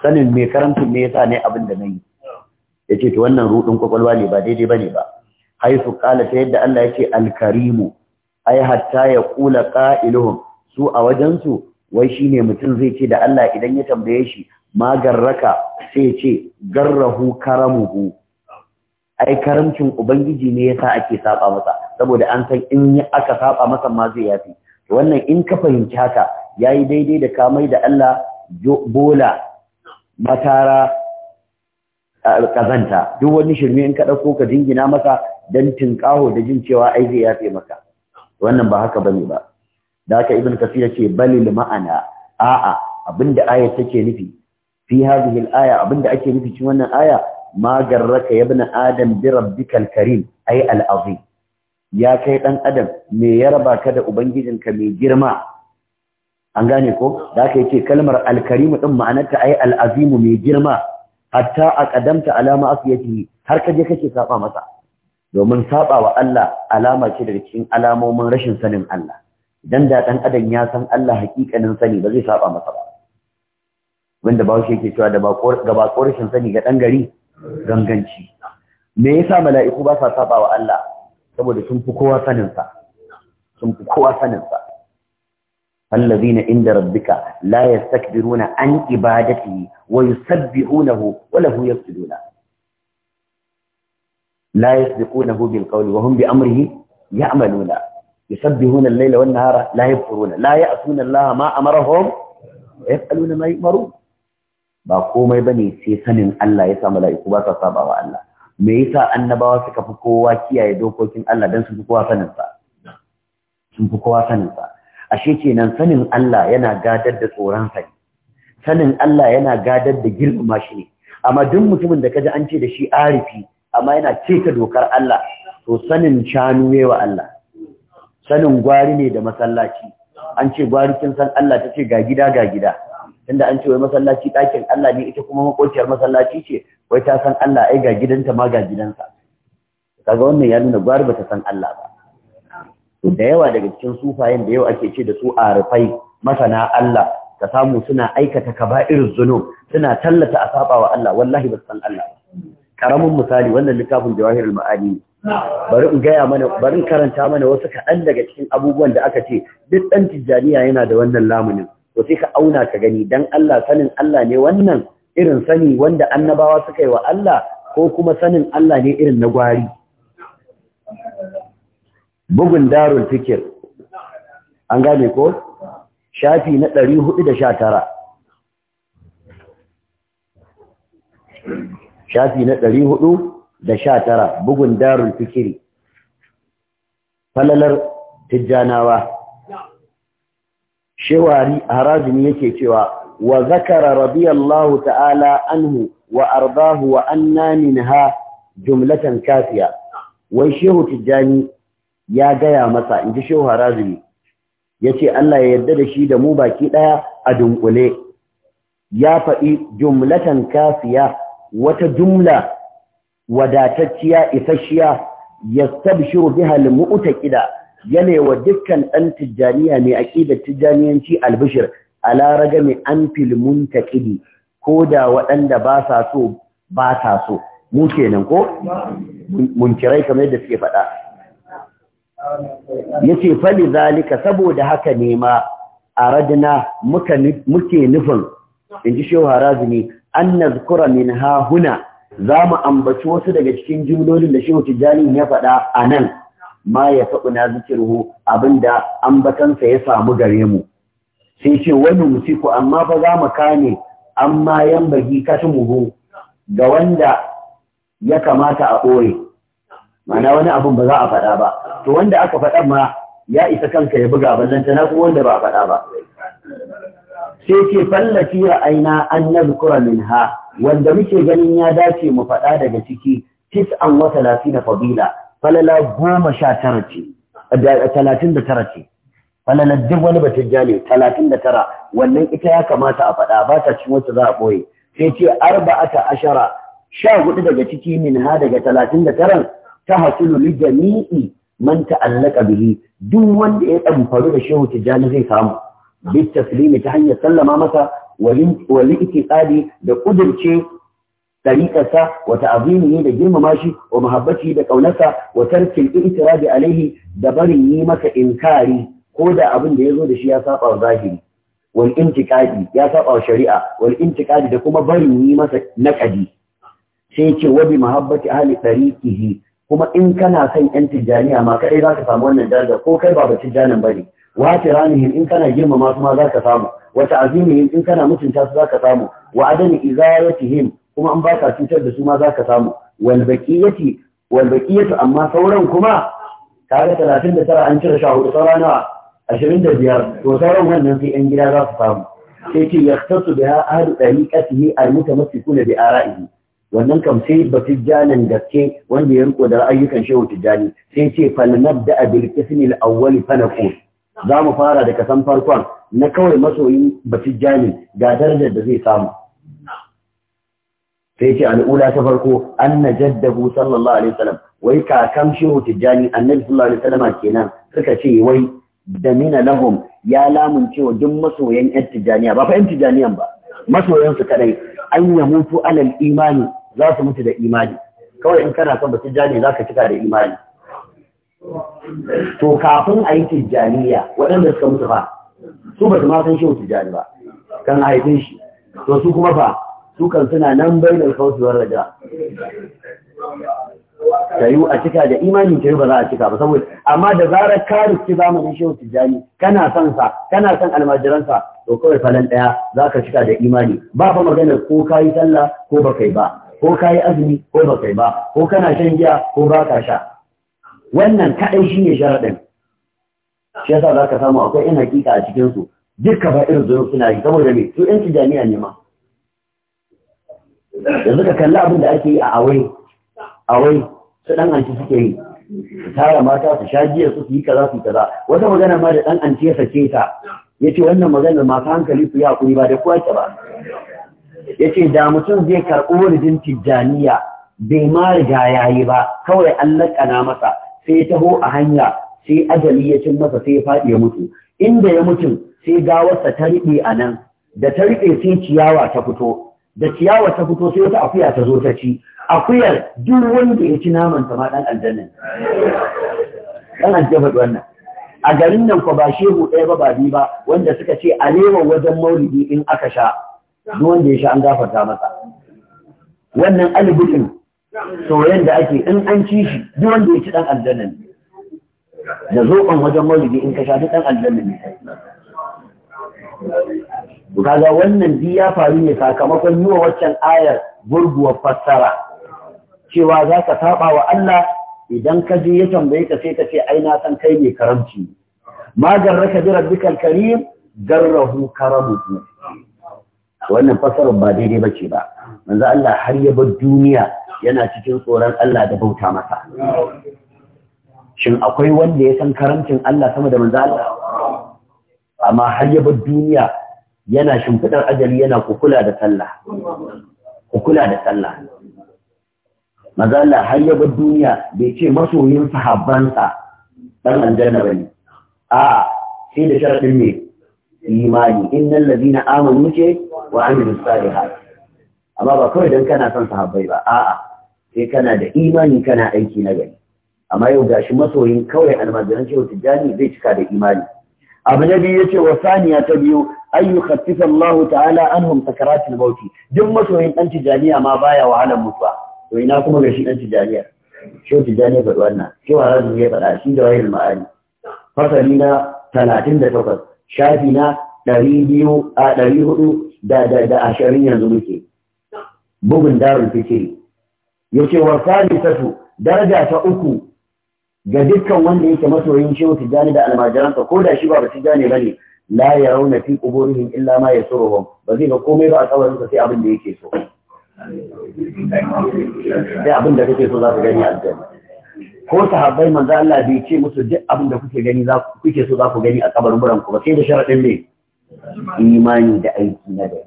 sanin mai karamcin ne yasa ne abin da nayi yace to wannan ruɗin kwakwalwa ne ba daidai bane ba haifu kala ta yadda Allah yake alkarimu ai hatta ya kula qailuhum su a wajensu, wai shine mutum zai ce da Allah idan ya tambaye shi "Magarraka" sai ce garrahu karamuhu ai karamcin ubangiji ne yasa ake saba masa saboda an san in aka saba masa ma zai yafi wannan in ka fahimci haka yayi daidai da kamai da Allah bola matara kazanta duk wani shirme in ka ɗauko ka jingina masa dan tinkaho da jin cewa ai zai yafe maka wannan ba haka bane ba da haka ibn kafir ce balil ma'ana a'a abinda aya take nufi fi hadhihi al-aya abinda ake nufi cikin wannan aya ma garraka ya ibn adam bi rabbikal karim ai al-azim ya kai dan adam me ya raba ka da ubangijinka mai girma an gane ko da haka yake kalmar al-karim din ma'anarta ai al-azim mai girma hatta a aqadamta alama asiyatihi har ka je kake saba masa domin saba wa Allah alama ce daga cikin alamomin rashin sanin Allah idan da dan adam ya san Allah hakikanin sani ba zai saba masa ba wanda ba shi yake cewa da ba gaba rashin sani ga dan gari ganganci me yasa mala'iku ba sa saba wa Allah saboda sun fi kowa sanin sa sun fi kowa sanin sa الذين عند ربك لا يستكبرون عن عبادته ويسبحونه وله يسجدون لا يسبقونه بالقول وهم بأمره يعملون يسبحون الليل والنهار لا يبصرون لا يأتون الله ما أمرهم ويفعلون ما يؤمرون ba komai bane sai sanin Allah ya sa mala'iku ba sa saba wa Allah me yasa annabawa suka fi kowa kiyaye dokokin Allah dan su fi kowa sanin sa sun fi kowa sanin sa ashe kenan sanin Allah yana gadar da tsoron sa sanin Allah yana gadar da girmama shi ne amma duk mutumin da kaji an ce da shi arifi amma yana keta dokar Allah to sanin shanu wa Allah sanin gwari ne da masallaci an ce gwari kin san Allah ta ce ga gida ga gida tunda an ce wai masallaci ɗakin Allah ne ita kuma makociyar masallaci ce wai ta san Allah ai ga gidanta ma ga gidansa kaga wannan ya nuna gwari bata san Allah ba da yawa daga cikin sufayen da yau ake ce da su a rufai masana Allah ka samu suna aikata ka ba kaba'ir zunub suna tallata a saba wa Allah wallahi ba san Allah karamin misali wannan littafin jawahirul ma'ani bari in gaya mana bari in karanta mana wasu kaɗan daga cikin abubuwan da aka ce duk ɗan tijjaniya yana da wannan lamunin to sai ka auna ka gani dan Allah sanin Allah ne wannan irin sani wanda annabawa suka yi wa Allah ko kuma sanin Allah ne irin na gwari bugun darul fikir an gane ko shafi na 419 shafi na 419 bugun darul fikiri falalar tijjanawa shewari harajini yake cewa wa zakara radiyallahu ta'ala anhu wa ardahu wa anna minha jumlatan kafiya wai shehu tijjani ya gaya masa in ji shehu harazumi ya ce Allah ya yarda da shi da mu baki ɗaya a dunkule ya faɗi jumlatan kafiya wata jumla wadatacciya isasshiya ya tabshiru biha al-mu'taqida yana wa dukkan ɗan tijjaniya mai aqidar tijjaniyanci albishir ala ragami an fil muntaqidi ko da waɗanda ba sa so ba sa so mu kenan ko munkirai kamar yadda suke faɗa yace fali zalika saboda haka ne ma aradna muka muke nufin inji shehu ne. an nazkura min ha huna zamu ambaci wasu daga cikin jumlolin da shehu tijani ya faɗa anan ma ya faɗu na zikiruhu abinda ambatansa ya samu gare mu sai ce wani musiku amma fa za mu kane amma yan bagi mu muhu ga wanda ya kamata a ɓoye ma'ana wani abun ba za a faɗa ba to wanda aka faɗa ma ya isa kanka ya buga zan na kuma wanda ba a faɗa ba sai ce fallaci aina an nazkura minha wanda muke ganin ya dace mu faɗa daga ciki tis an wa talatina fadila falala goma sha tara ce talatin da tara ce falala duk wani batun jale talatin da tara wannan ita ya kamata a faɗa ba ta cin wata za a ɓoye sai ce arba'ata ashara sha hudu daga ciki min ha daga talatin da taran ta hasulu li jami'i man ta'allaka bihi duk wanda ya faru da shehu tijjani zai samu bi taslimi ta hanyar sallama masa wa li'tiqadi da kudirce tariƙarsa wa ne da girmama shi wa muhabbati da ƙaunarsa wa tarkin i'tiradi alaihi da barin yi masa inkari ko da abin da ya zo da shi ya saba wa zahiri wal intiqadi ya saba wa shari'a wal intiqadi da kuma barin yi masa naqadi sai ce wa bi mahabbati ahli tariqihi kuma in kana son yan tijjaniya ma kaɗai za ka samu wannan daraja ko kai ba tijjanin ba ne wa tiranihim in kana girmama su ma za ka samu wa ta'zimihim in kana mutunta su za ka samu wa adami izayatihim kuma an baka cutar da su ma za ka samu wal baqiyati wal baqiyatu amma sauran kuma kaga 39 an cire 14 sauran nawa 25 to sauran wannan sai yan gida za su samu sai ce yaktasu biha ahlu tariqatihi al-mutamassiku bi ara'ihi wannan kam sai ba tijjanin gaske wanda ya riko da ayyukan shehu tijjani sai ce falnabda bil qismil awwal fa za mu fara da kasan farkon na kawai masoyin batijjani ga darajar da zai samu sai ce al'ula ta farko anna jaddahu sallallahu alaihi wasallam wai kakan shehu tijjani annabi sallallahu alaihi wasallam kenan suka ce wai da mina lahum ya lamun cewa duk masoyan yan tijjaniya ba fa yan tijjaniyan ba masoyan su kadai an ya mutu alal imani za su mutu da imani kawai in kana son ba tijjani za ka cika da imani to kafin a yi tijjaniya waɗanda suka mutu fa su ba su ma san shehu tijjani ba kan haifin shi to su kuma fa su kan suna nan bai da alfawar raja ta yi a cika da imanin ta yi ba za a cika ba saboda amma da zarar ka riski zamanin shehu tijjani kana son sa kana son almajiransa to kawai falan ɗaya za ka cika da imani ba fa maganar ko ka yi sallah ko ba kai ba ko ka yi azumi ko ba kai ba ko kana shan giya ko ba ka sha wannan kaɗai shi ne sharaɗin shi yasa za ka samu akwai yan hakika a cikinsu dukka ba irin zuwa suna yi saboda me su yan tijaniya ne ma yanzu ka kalli abin da ake yi a awai awai su ɗan anci suke yi su tara mata su sha jiya su su yi kaza su kaza wata magana ma da ɗan anci ya sace ta ya ce wannan maganar masu hankali su yi hakuri ba da kowa ke ba ya ce da mutum zai karɓi jin tijjaniya bai ma riga ya yi ba kawai an laƙana masa sai ya taho a hanya sai ajali ya cin masa sai ya faɗi ya mutu inda ya mutu sai gawarsa ta riɓe a nan da ta riɓe sai ciyawa ta fito da ciyawa ta fito sai wata akuya ta zo ta ci akuyar duk wanda ya ci naman ta ma ɗan aljanna ɗan aljanna wannan a garin nan kwa ba shehu ɗaya ba ba bi ba wanda suka ce alewa wajen maulidi in aka sha duk wanda ya sha an gafarta masa wannan albutin soyayyen da ake in an ci shi duk wanda ya ci dan aljanna ne da zoban wajen maulidi in ka sha duk dan aljanna ne kaga wannan bi ya faru ne sakamakon yiwa waccan ayar gurguwa fassara cewa za ka saba wa Allah idan ka je ya tambaye ka sai ka ce ai na san kai ne karamci ma garraka bi rabbikal karim garrahu karamuhu wannan fasarar ba daidai ba ce ba manzo Allah har ya bar duniya yana cikin tsoron Allah da bauta masa shin akwai wanda ya san karamcin Allah sama da manzo Allah amma har ya bar duniya yana shimfidar ajali yana kukula da sallah kukula da sallah manzo Allah har ya bar duniya bai ce masoyin sahabbansa dan aljanna bane a sai da sharadin ne imani innal ladina amanu ce wa amilu salihat amma ba kawai dan kana son sahabbai ba a'a sai kana da imani kana aiki na gari amma yau gashi masoyin kawai almajiran shehu tijjani zai cika da imani abu na biyu yace wa saniya ta biyu an yukhaffifa Allah ta'ala anhum sakaratul mauti duk masoyin dan tijjaniya ma baya wahalar mutuwa to ina kuma ga shi dan tijjaniya shehu tijjani faɗi wannan wa harazmi ya faɗa shi da wayar ma'ani fasali na talatin da takwas shafi na ɗari biyu a ɗari hudu da ashirin yanzu muke bugun darul fikiri yace wa salisatu daraja ta uku ga dukkan wanda yake masoyin shehu tijjani da almajiransa ko da shi ba tijjani ne. la yarawna fi quburihim illa ma ya yasuruhum ba zai ga komai ba a kabarin sai abin da yake so sai abin da kake so za ka gani a aljanna ko sahabbai manzo Allah bai ce musu duk abin da kuke gani za kuke so za ku gani a kabarin buran ku ba sai da sharadin ne imani da aiki na gari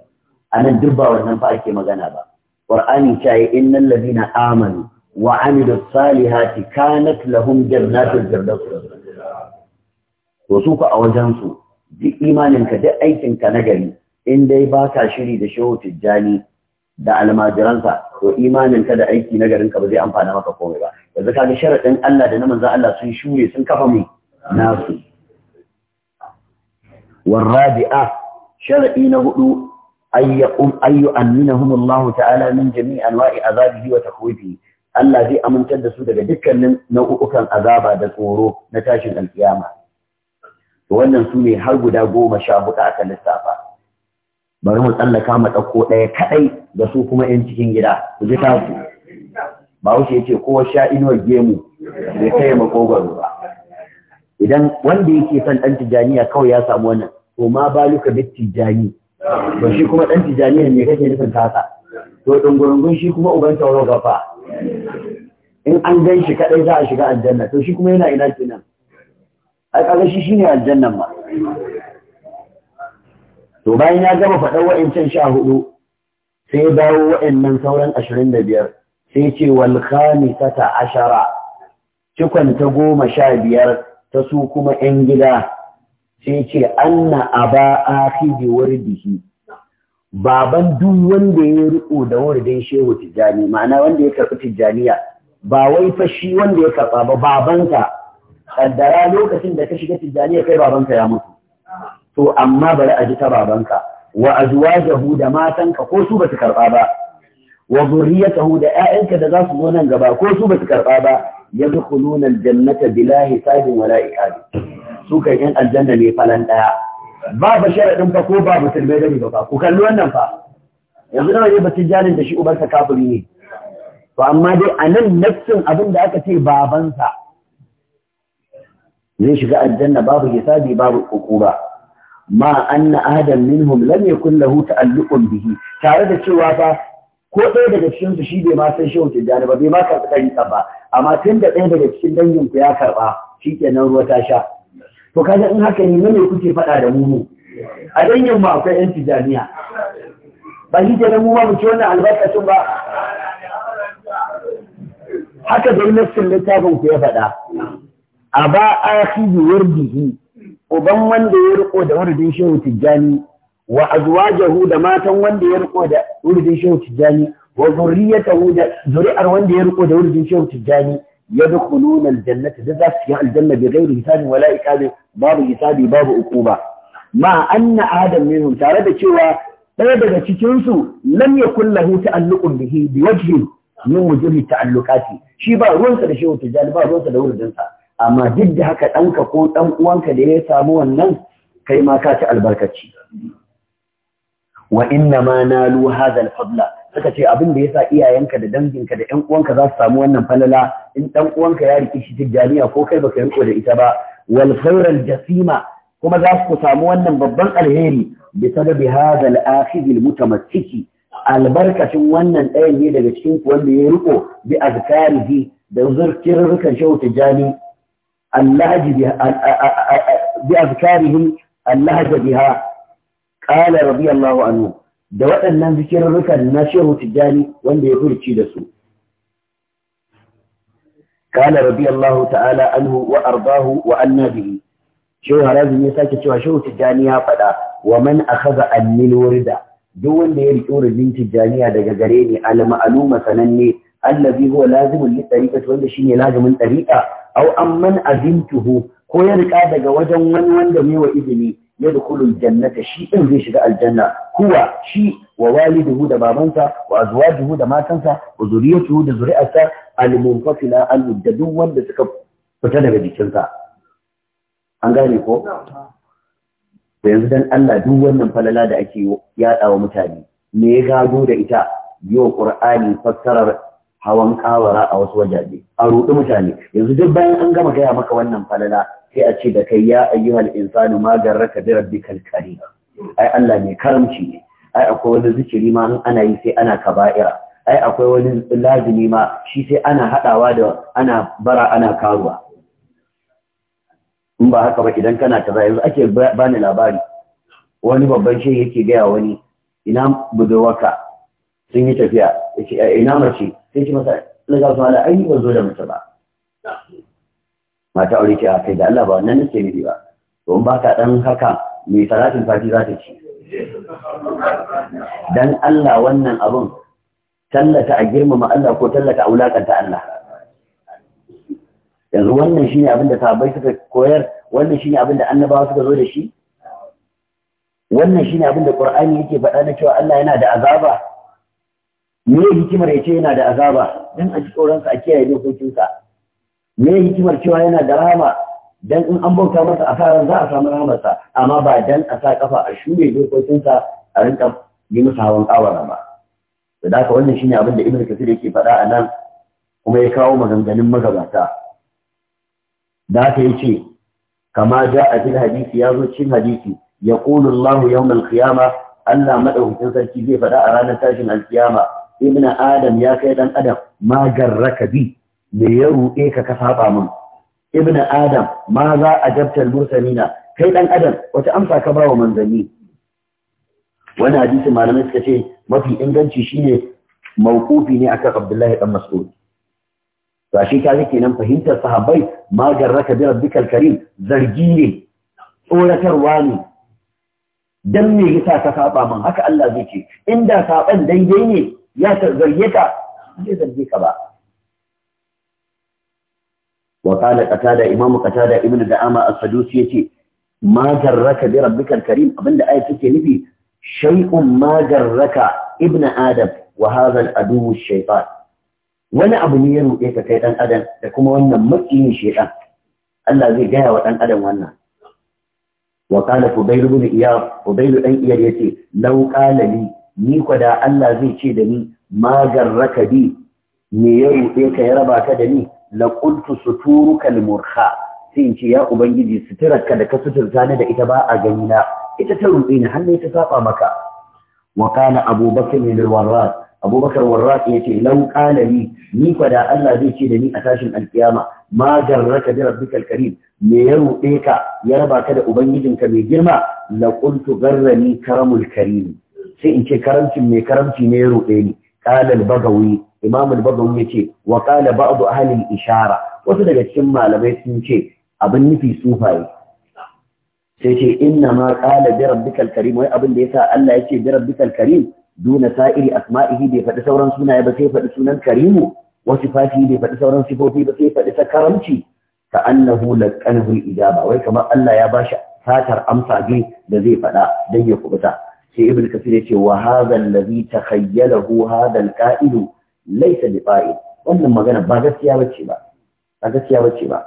a duk ba wannan fa ake magana ba qur'ani ta yi innal ladina amanu wa amilus salihati kanat lahum jannatul firdaus to su ku a wajen su duk imanin ka duk aikin ka na gari in dai baka shiri da shehu tijjani da almajiransa to imanin ka da aiki na garin ka ba zai amfana maka komai ba yanzu kaga sharadin Allah da na manzon Allah sun shure sun kafa mu nasu والرابعة شرعين هدو أن يقوم أن يؤمنهم الله تعالى من جميع أنواع عذابه وتخويفه Allah zai amintar da su daga dukkanin nau'ukan azaba da tsoro na tashin alkiyama. Wannan su ne har guda goma sha hudu aka lissafa. Bari mu tsallaka mu ɗauko ɗaya kaɗai da su kuma ‘yan cikin gida, ku ji taku. Bahaushe ya ce kowa sha inuwar gemu bai kai makogwaro ba. idan wanda yake son ɗan tijaniya kawai ya samu wannan to ma ba luka da tijani to shi kuma ɗan tijaniya ne kake nufin kasa? to dungurungun shi kuma uban tauro gafa in an gan shi kadai za a shiga aljanna to shi kuma yana ina kenan ai kaga shi shine aljannan ma to bayan ya gama faɗar wa'ancan sha hudu sai ya dawo wa'annan sauran ashirin da biyar sai ce wal khamisata ashara cikon ta goma sha biyar ta su kuma ‘yan gida sai ce anna aba akhiji wardihi baban duk wanda ya riko da wardin shehu tijjani ma'ana wanda ya karɓi tijjaniya ba wai fa wanda ya karɓa ba babanka kaddara lokacin da ka shiga tijjaniya kai babanka ya mutu to amma bari a ji ta babanka wa jahu da matanka ko su ba su karɓa ba wa tahu da 'ya'yanka da za su zo nan gaba ko su ba su karɓa ba nuna jannata bila hisabin wala iqab su kan yan aljanna ne falan daya ba ba sharadin fa ko ba da ni ba ku kalli wannan fa yanzu nawa ne batun jarin da shi ubansa kafiri ne to amma dai a nan nafsin abin da aka ce babansa zai shiga aljanna babu hisabi babu hukuma ma anna ahadan minhum lam yakun lahu ta'alluqun bihi tare da cewa fa ko ɗaya daga cikin su shi bai ma san wuce jani ba bai ma karɓi ɗan ba amma tun da ɗaya daga cikin dangin ku ya karɓa shi kenan ruwa ta sha to kaga in haka ne ne kuke faɗa da mu mu a dangin mu akwai yan tijjaniya ba shi kenan mu ma mu ci wannan albarkacin ba haka dai nassin littafin ku ya faɗa a ba a fi wardihi uban wanda ya riko da wardin shehu tijjani wa azwajahu da matan wanda ya riko da wurin shehu tijjani wa zurriyatahu da zuri'ar wanda ya riko da wurin shehu tijjani yadkhuluna aljannata da za su yi aljanna bi ghairi hisabin wala iqabin babu hisabi babu uquba ma anna adam minhum tare da cewa ɗaya daga cikin su lam yakul lahu ta'alluqun bihi bi wajhin min wujuhi ta'alluqati shi ba ruwansa da shehu tijjani ba ruwansa da wurin sa amma duk da haka ɗanka ko ɗan uwanka da ya samu wannan kai ma ka ci albarkaci wa inna ma na hadha al-fadla suka ce abin da yasa iyayenka da danginka da ƴan uwanka za su samu wannan falala in ɗan uwanka ya riki shi tijjaniya ko kai baka riko da ita ba wal khairal jasima kuma za su samu wannan babban alheri bi sababi hadha al-akhidh al-mutamassiki albarkacin wannan ɗayan ne daga cikin wanda ya riƙo bi azkarihi da zurkirrukan shehu tijjani Allah bi azkarihi Allah biha qala radiyallahu anhu da waɗannan zikirrukan na shehu tijjani wanda ya furci da su rabi radiyallahu ta'ala anhu wa ardahu wa anna bihi shehu harazim ya sake cewa shehu tijjani ya faɗa wa man akhadha annil wurda duk wanda ya riƙi wurin tijjaniya daga gare ni al ma'luma sananne allazi huwa lazimun li tariqati wanda shine lazimin tariqa aw amman azintuhu ko ya riƙa daga wajen wani wanda mai wa izini يدخل الجنة شيء إن زي شداء الجنة هو شيء ووالده دا بابنسا وأزواجه دا ماتنسا وذريته دا ذريئسا المنفصلة المددوة دا سكب فتنة دي كنسا أنقالي فوق yanzu dan Allah duk wannan falala da ake yada wa mutane me ya gado da ita yau ƙur'ani, fassarar hawan kawara a wasu wajaje a rudi mutane yanzu duk bayan an gama gaya maka wannan falala sai a ce da kai ya ayyuhal insanu ma garraka bi rabbikal karim ai Allah mai karamci ne ai akwai wani zikiri ma in ana yi sai ana kaba'ira ai akwai wani lazimi ma shi sai ana haɗawa da ana bara ana karuwa in ba haka ba idan kana kaza yanzu ake bani labari wani babban shi yake gaya wani ina budurwaka sun yi tafiya ina mace sai ce masa na ga su ala ban zo da mace ba mata aure ce a kai da Allah ba wannan nake miji ba to in baka dan haka mai salatin fati za ta ci dan Allah wannan abun tallata a girmama Allah ko tallata a wulakanta Allah yanzu wannan shine abin da sahabbai suka koyar wannan shine abin da annabawa suka zo da shi wannan shine abin da Qur'ani yake faɗa na cewa Allah yana da azaba me hikimar yace yana da azaba dan a ji tsoron sa a kiyaye dokokin sa me hikimar cewa yana da rama, dan in an bauta masa a sa za a samu rahamarsa amma ba dan a sa kafa a shure dokokinsa a rinka yi musu hawan kawara ba da wannan shine abin da ibnu kasir yake faɗa a nan kuma ya kawo maganganun magabata da ya ce, kama ja a fil hadisi ya zo cikin hadisi yaqulu Allah yawm al-qiyama Allah maɗaukacin sarki zai faɗa a ranar tashin alkiyama. qiyama adam ya kai ɗan adam ma garraka bi me ya ruɗe ka ka saba min ibnu adam ma za a jabtar mursalina kai dan adam wata amsa ka bawa manzanni wani hadisi malamai suka ce mafi inganci shine mawqufi ne akan abdullahi dan mas'ud to shi ka yake nan fahimtar sahabbai ma garraka bi rabbikal karim zargi ne tsoratarwa ne dan me yasa ka saba min haka Allah zai ce inda saban daidai ne ya zarge ka zai zarge ka ba wa qala qatada imam qatada ibn da'ama as-sadusi yace ma garraka bi rabbikal karim abinda ayat take nufi shai'un ma garraka ibn adam wa hadha al wani abu ne ya ruɗe ka kai dan adam da kuma wannan makiyin shaytan Allah zai gaya wa dan adam wannan wa qala fudayl ibn iyad fudayl dan iyad yace law ni ko da Allah zai ce da ni ma bi me ya ruɗe ka ya raba ka da ni laƙuntu qultu suturuka al sai in ce ya ubangiji suturarka da ka suturta ni da ita ba a gani na ita ta rubi ni hannu ta saba maka wa kana abubakar min al abubakar warrat yace ce qala li ni fa da Allah zai ce da ni a tashin alkiyama ma jarraka bi rabbikal karim me ya ruɗe ka ya raba ka da ubangijinka mai girma laƙuntu garrami garrani karamul karim sai in ce karamcin mai karamci ne ya ruɗe ni qala al bagawi imam al ya ce wa qala ba'd ishara wasu daga cikin malamai sun ce abin nufi sufaye sai ce inna ma kala bi rabbikal karim wai abin da yasa Allah yace bi rabbikal karim duna sa'iri asma'ihi bai faɗi sauran sunaye ba sai faɗi sunan karimu wa sifati bai faɗi sauran sifofi ba sai faɗi sakaramci ka annahu laqanahu al-ijaba wai kamar Allah ya bashi fatar amsa ne da zai faɗa dan ya kubuta sai ibnu kasir yace wa hadha allazi takhayyalahu hadha al-qa'idu laisa bi fa'il wannan magana ba gaskiya bace ba ba gaskiya bace ba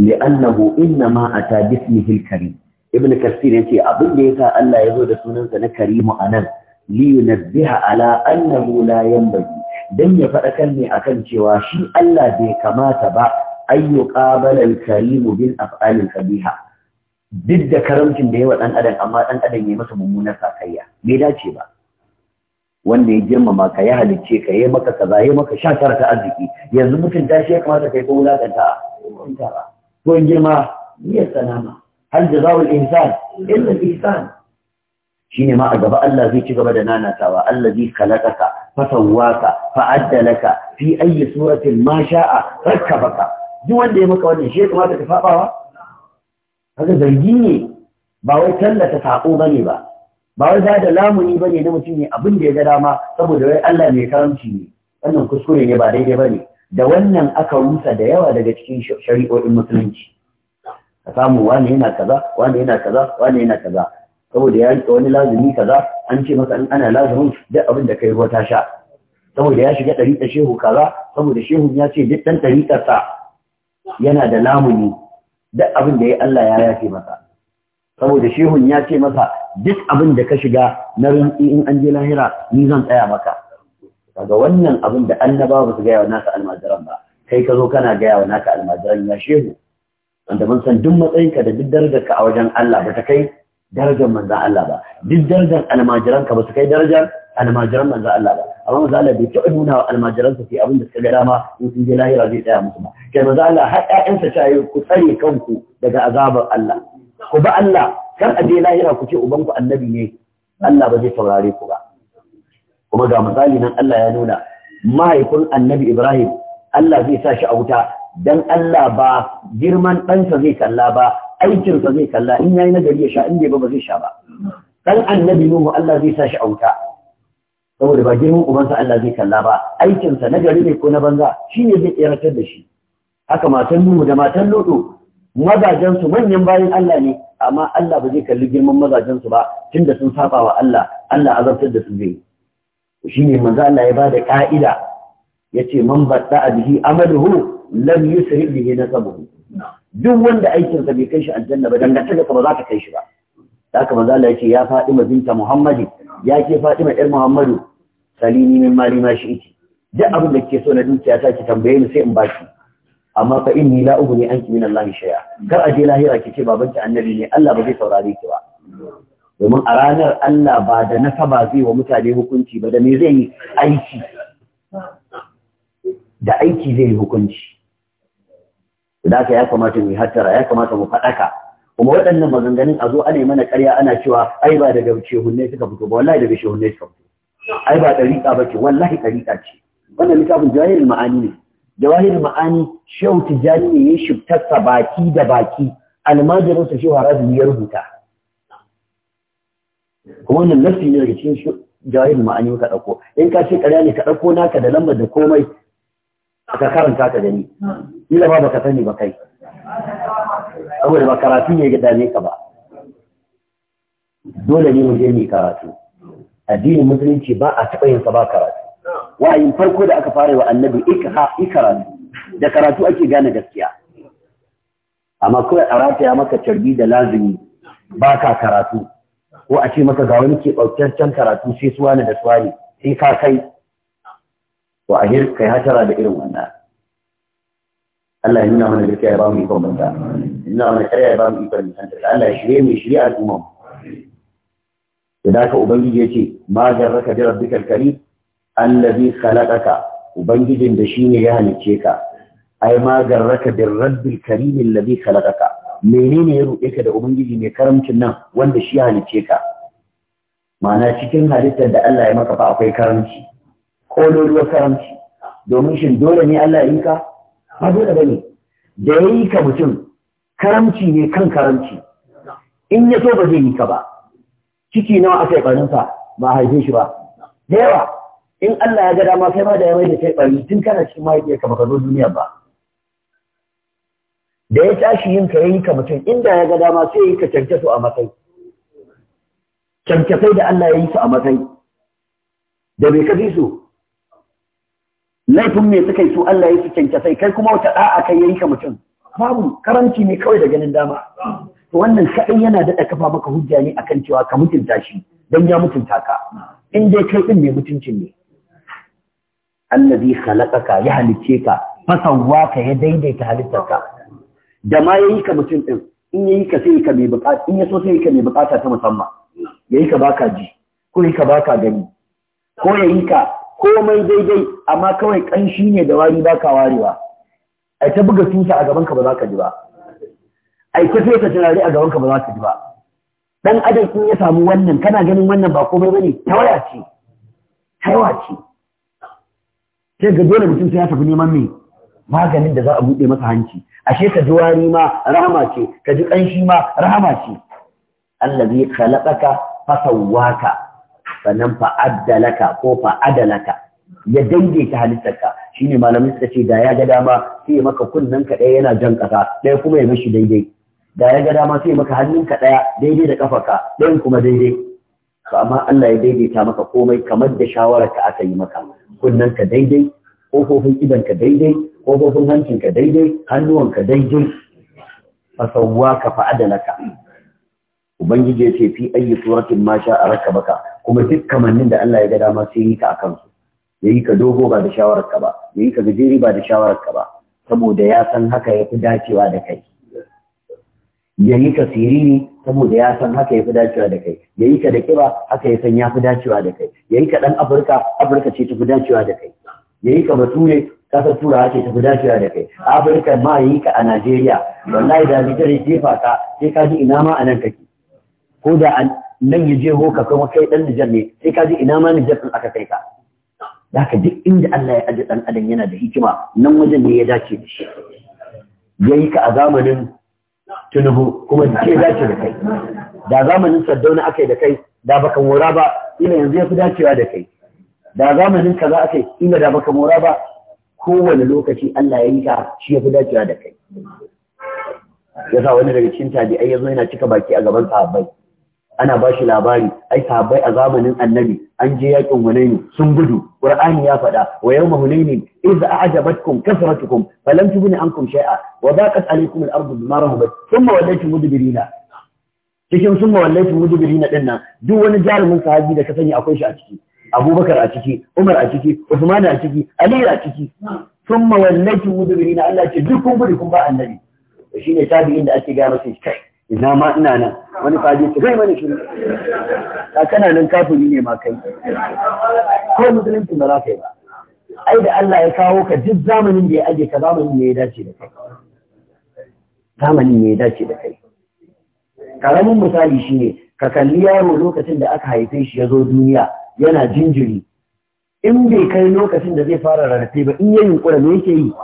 li'annahu innama ata bismihi al-karim ibn kasir yace abin da yasa Allah ya zo da sunansa na karimu anan li yunabbiha ala annahu la yanbaghi dan ya kan ne akan cewa shi Allah bai kamata ba an yuqabala al-karimu bil af'al al-qabiha duk da karamcin da yawa dan adam amma dan adam ya masa mummunar sakayya bai dace ba wanda ya girmama ka ya halicce ka yi maka kaza maka sha tara ta arziki yanzu mutum ta shi ya kamata kai ko wulakanta ko in girma niyyar sanama hal illan insan illa ihsan shine ma a gaba Allah zai ci gaba da nanatawa allazi khalaqaka fa sawwaka fa addalaka fi ayi suratin ma sha'a rakkabaka duk wanda ya maka wannan shi ya kamata ka fabawa haka zargi ne ba wai tallata sako bane ba ba wai da lamuni bane na mutum ne abin da ya ga dama saboda wai Allah mai karamci ne wannan kuskure ne ba daidai bane da wannan aka rusa da yawa daga cikin shari'o'in musulunci ka samu wani yana kaza wani yana kaza wani yana kaza saboda ya rike wani lazumi kaza an ce masa in ana lazumin duk abin da kai ruwa ta sha saboda ya shiga ɗariƙar shehu kaza saboda shehu ya ce duk ɗan ɗariƙarsa yana da lamuni duk abin da ya Allah ya yafe masa saboda shehun ya ce masa duk abin da ka shiga na rinki in an je lahira ni zan tsaya maka Daga wannan abin da annabawa ba su gaya wa naka almajiran ba kai ka zo kana gaya wa naka almajiran ya shehu wanda mun san duk matsayinka da duk darajar ka a wajen Allah ba ta kai darajar manzan Allah ba duk darajar almajiran ka ba su kai darajar almajiran manzan Allah ba amma manzan Allah bai taɓa nuna wa almajiran su abin da suka ga dama in sun je lahira zai tsaya musu ba kai manzan Allah har ƴaƴansa ta yi ku tsare kanku daga azabar Allah ku ba Allah kar a je lahira ku ce ubanku annabi ne Allah ba zai saurare ku ba kuma ga misali nan Allah ya nuna mahaifin annabi Ibrahim Allah zai sa shi a wuta dan Allah ba girman ɗansa zai kalla ba aikinsa zai kalla in yayi nagari ya sha in bai ba zai sha ba dan annabi Nuhu Allah zai sa shi a wuta saboda ba girman ubansa Allah zai kalla ba aikinsa nagari ne ko na banza shine zai tseratar da shi haka matan Nuhu da matan loɗo. mazajensu manyan bayan Allah ne amma Allah ba zai kalli girman mazajensu ba tunda sun saba wa Allah Allah azabtar da su zai shine manzo Allah ya bada ka'ida yace man batta bihi amaluhu lam yusri bihi nasabuhu duk wanda aikin sa bai kai shi aljanna ba dan ta ba za ta kai shi ba haka manzo Allah yace ya Fatima binta Muhammadu, ya ke Fatima yar Muhammadu salini min mali ma shi iti duk abin da kike so na dukiya ta ki tambaye ni sai in shi amma fa inni la ughni anki min Allah shay'a kar a je lahira ki ce babanki annabi ne Allah ba zai saurare ki ba domin a ranar Allah ba da nasaba zai wa mutane hukunci ba da me zai yi aiki da aiki zai yi hukunci da haka ya kamata mu hattara ya kamata mu faɗaka kuma waɗannan maganganun a zo ana yi mana ƙarya ana cewa ai ba daga shehunne suka fito ba wallahi daga shehunne suka fito ai ba ɗariƙa ba ce wallahi ɗariƙa ce wannan littafin jahilin ma'ani ne jawahir ma'ani shehu tijjani ne ya shiftarsa baki da baki almajirinsa shehu harabi ya rubuta kuma wannan lafi ne daga cikin jawahir ma'ani ka ɗauko in ka ce ƙarya ne ka ɗauko naka da lambar da komai ka karanta ka gani ila ba baka sani ba kai saboda ba karatu ne ga dame ka ba dole ne mu je mu karatu addinin musulunci ba a taɓa yin sa ba karatu wayin farko da aka fara wa annabi ikra da karatu ake gane gaskiya amma kawai a rataya maka carbi da lazimi ba ka karatu ko a ce maka ga wani ke ɓautaccen karatu sai wani da wani? sai ka kai wa a kai hatara da irin wannan Allah ya nuna mana da ya ba mu ikon banta nuna mana karya ya ba mu ikon nisanta Allah ya shirye mai shirye al'umma da da ka ubangiji ya ce ma jarraka bi rabbikal karim allazi khalaqaka ubangijin da shine ya halice ka ai ma garraka bil rabbil karim allazi khalaqaka menene ya ruɗe ka da ubangiji mai karamcin nan wanda shi ya halice ka ma'ana cikin halittar da Allah ya maka fa akwai karamci ko karamci domin shin dole ne Allah ya yi ka ba dole bane da ya yi ka mutum karamci ne kan karamci in ya so ba zai yi ka ba ciki nawa aka yi barinsa ba haife shi ba da yawa in Allah ya ga dama ma da ya mai da kai bari tun kana cikin mahaifiyar ka zo duniya ba da ya tashi yin ka yayi ka mutum inda ya ga dama sai yi ka cancato a matsayi cancasai da Allah ya yi su a matsayi da bai kafi su laifin me suka yi su Allah ya yi su cancasai kai kuma wata da'a kai yayi ka mutum babu karanci ne kawai da ganin dama to wannan kaɗai yana daɗa kafa maka hujja ne akan cewa ka mutunta shi don ya mutunta ka in dai kai ɗin mai mutuncin ne allazi khalaqaka ya halice ka fasawwa ka ya daidaita halittarka da ma yayi ka mutum din in yayi ka sai ka mai bukata in so sai ka mai bukata ta musamman yayi ka baka ji ko yayi ka baka gani ko yayi ka komai daidai amma kawai kanshi ne da wari baka warewa ai ta buga tusa a gaban ka ba za ka ji ba ai ta fesa tunari a gaban ka ba za ka ji ba dan adam in ya samu wannan kana ganin wannan ba komai bane tawaya ce tawaya ce sai ga dole mutum sai ya tafi neman mai maganin da za a buɗe masa hanci ashe ka ji wari ma rahama ce ka ji ƙanshi ma rahama ce allazi khalaqaka fa sawwaka sannan fa addalaka ko fa adalaka ya daidaita halittarka shine malamin suka ce da ya ga dama sai maka kunnen ka ɗaya yana jan ƙasa ɗaya kuma ya mishi daidai da ya ga dama sai maka hannun ka ɗaya daidai da ƙafarka ɗayan kuma daidai to amma Allah ya daidaita maka komai kamar da shawararka aka yi maka kunnanka daidai ƙofofin idanka daidai ƙofofin hancinka daidai hannuwanka daidai fasawwa ka fa'adalaka ubangiji ya ce fi ayi suratin ma sha a raka baka kuma duk kamannin da Allah ya ga dama sai yi ka akan su yayi ka dogo ba da shawarar ka ba yayi ka gajeri ba da shawarar ka ba saboda ya san haka yafi dacewa da kai ya yi ka siriri saboda ya san haka ya fi dacewa da kai ya yi ka da kiba haka ya san ya fi dacewa da kai ya yi ka ɗan afirka afirka ce ta fi dacewa da kai ya yi ka bature kasar turawa ce ta fi dacewa da kai afirka ma ya yi ka a najeriya wallahi da ni tare jefa ka sai ka ji ina ma a nan kake ko da nan ya je ho ka kuma kai ɗan nijar ne sai ka ji ina ma nijar ɗin aka kai ka ka duk inda Allah ya aje dan adam yana da hikima nan wajen ne ya dace da shi ya yi ka a zamanin tunubu kuma ke dace da kai da zamanin saddauna aka yi da kai da baka mora ba ina yanzu ya fi dacewa da kai da zamanin kaza aka yi ina da baka mora ba kowane lokaci Allah ya yi ka shi ya fi dacewa da kai yasa wani daga cikin tabi'ai ya yana cika baki a gaban sahabbai ana ba shi labari ai sahabbai a zamanin annabi an je yakin hunaini sun gudu qur'ani ya faɗa wa yawma hunaini iz a'jabatkum kasratukum falam tubni ankum shay'a wa daqat alaykum al-ardu bima rahabat thumma wallaytum mudbirina cikin summa wallaytum mudbirina din nan duk wani jarumin sahabi da ka sani akwai shi a ciki abubakar a ciki umar a ciki usman a ciki ali a ciki thumma wallaytum mudbirina Allah ce duk kun gudu kun ba annabi shine tabi'in da ake ga masa kai ina ma ina nan wani faji su gai mani shiru a kana nan kafiri ne ma kai ko musulunci ba za ka yi ba ai da Allah ya kawo ka duk zamanin da ya aje ka zamanin ne ya dace da kai zamanin ne ya dace da kai karamin misali shi ne, ka kalli yaro lokacin da aka haife shi ya zo duniya yana jinjiri in bai kai lokacin da zai fara rarrafe ba in yi yunkura me yake yi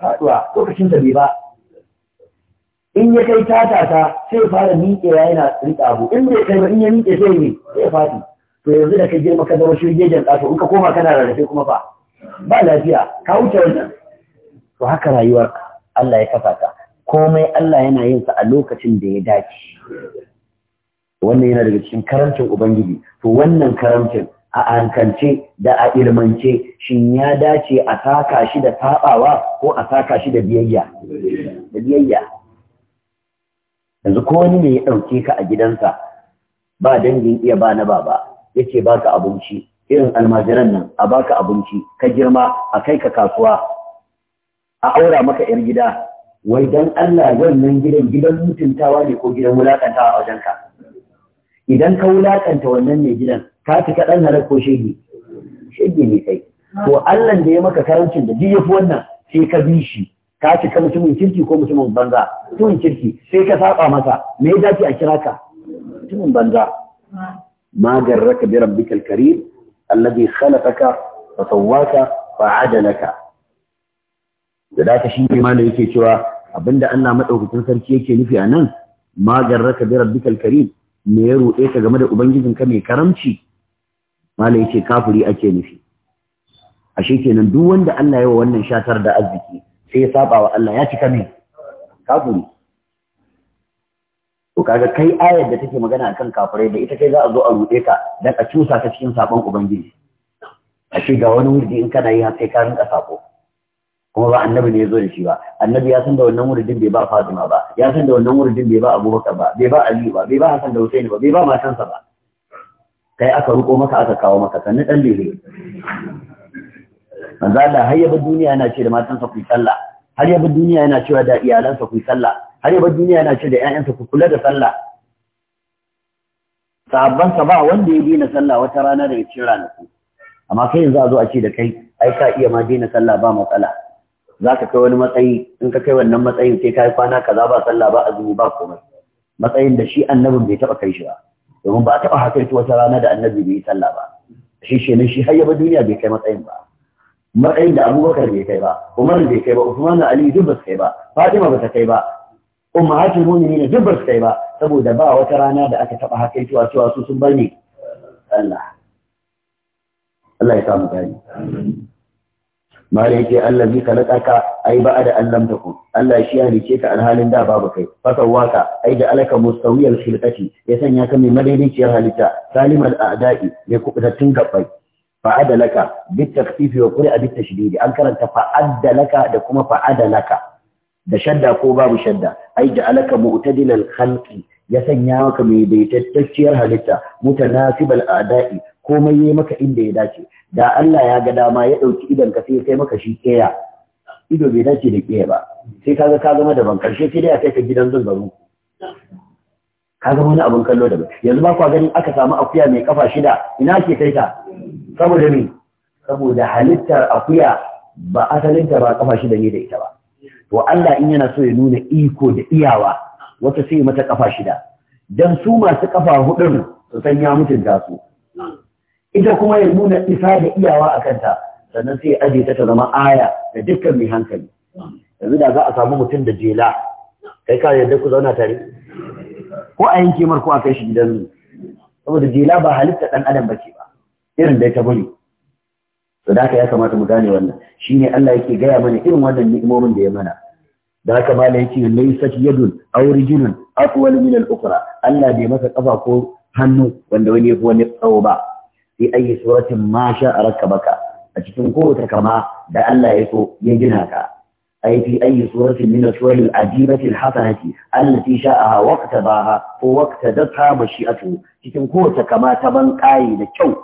faduwa lokacin da bai ba in ya kai tata ta sai fara miƙe ya yana riƙa abu in bai kai ba in ya miƙe sai ne sai ya to yanzu da ka girma ka zama shirgejen ƙato in ka koma kana rarrafe kuma fa ba lafiya ka wuce wannan to haka rayuwar Allah ya kafa ta komai Allah yana yin sa a lokacin da ya dace wannan yana daga cikin karancin ubangiji to wannan karancin a ankance da a ilmance shin ya dace a saka shi da sabawa ko a saka shi da biyayya da biyayya yanzu ko wani ne ya ɗauke ka a gidansa ba dangin iya ba na baba ya ce ba ka abinci irin almajiran nan a baka abinci ka girma a kai ka kasuwa a aura maka yar gida wai don Allah wannan gidan gidan mutuntawa ne ko gidan wulaƙantawa a wajenka idan ka wulaƙanta wannan ne gidan ka fita dan harar ko shege shege ne kai to Allah da ya maka karancin da duk yafi wannan sai ka bi shi ka cika mutumin kirki ko mutumin banza mutumin kirki sai ka saba masa me ya dace a kira ka mutumin banza ma garraka bi rabbikal karim alladhi khalaqaka fa sawwaka fa adalaka da daka shi ne malai yake cewa abinda Allah madaukakin sarki yake nufi a nan ma garraka bi rabbikal karim me ya ruɗe ka game da ka mai karamci malai yake kafiri ake nufi ashe kenan duk wanda Allah ya wa wannan shatar da arziki sai ya saba wa Allah ya cika mai kafiri to kaga kai ayar da take magana akan kafirai da ita kai za a zo a rude ka dan a cusa ta cikin sabon ubangiji a ce ga wani wurdi in kana yi har sai ka rinka sako kuma ba annabi ne ya zo da shi ba annabi ya san da wannan wurdin bai ba Fatima ba ya san da wannan wurdin bai ba Abubakar ba bai ba Ali ba bai ba Hassan da Hussein ba bai ba matansa ba kai aka ruko maka aka kawo maka sannan dan lele manzo Allah har yaba duniya yana ce da matansa ku sallah har yaba duniya yana cewa da iyalansa ku sallah har yaba duniya yana ce da ƴaƴansa ku kula da sallah sa ba wanda ya daina sallah wata rana da daga cikin ku. amma kai yanzu a zo a ce da kai ai ka iya ma daina sallah ba matsala za ka kai wani matsayi in ka kai wannan matsayin sai ka yi kwana kaza ba sallah ba azumi ba komai matsayin da shi annabin bai taɓa kai shi ba domin ba a taɓa haka wata rana da annabi bai yi sallah ba shi shi shi har yaba duniya bai kai matsayin ba matsayin da abubakar bai kai ba umar bai kai ba usman da ali duk ba kai ba fatima ba ta kai ba ummahatul mu'minin duk ba su kai ba saboda ba wata rana da aka taba haka cewa cewa su sun bar ne Allah Allah ya samu gani Mare Allah zai ka, ai ba da Allah ta ku Allah shi ya rike ka alhalin da babu kai fasawaka ai da alaka mustawiyal khilqati ya sanya ka mai madaidaiciyar halitta salimal a'da'i mai kubutattun gabbai laka, fa'adalaka fi wa shi bitashdid an karanta fa'adalaka da kuma fa'adalaka da shadda ko babu shadda ai da alaka mu'tadilal halki ya sanya maka mai daidaitacciyar halitta nasibal ada'i komai yi maka inda ya dace da Allah ya ga dama ya ɗauki idan ka sai kai maka shi ƙeya, ido bai dace da ƙeya ba sai ga ka zama daban karshe sai dai a kai ka gidan zungaru ka zama wani abin kallo daban yanzu ba kwa ganin aka samu akuya mai kafa shida ina ke kai ta saboda me saboda halittar akuya ba asalinta ba kafa shida ne da ita ba to Allah in yana so ya nuna iko da iyawa wata sai mata kafa shida dan su masu kafa hudun su san ya mutunta su ita kuma ya nuna isa da iyawa a kanta sannan sai aje ta ta zama aya da dukkan mai hankali yanzu da za a samu mutum da jela kai ka yadda ku zauna tare ko a yanke mar ko a kai shi gidan saboda jela ba halitta dan adam bace irin da ta bari sadaka ya kamata mu gane wannan shine Allah yake gaya mana irin wannan ni'imomin da ya mana da haka malai yake laysat yadun aw rijulun aqwal min al-ukhra Allah bai masa kafa ko hannu wanda wani yafi wani tsawo ba fi ayi suratin ma sha'a rakabaka a cikin kowace kama da Allah ya so ya gina ka أي في أي صورة من الصور العجيبة الحسنة التي شاءها واقتضاها ووقتدتها مشيئته تتم قوة كما تبن قاي لكو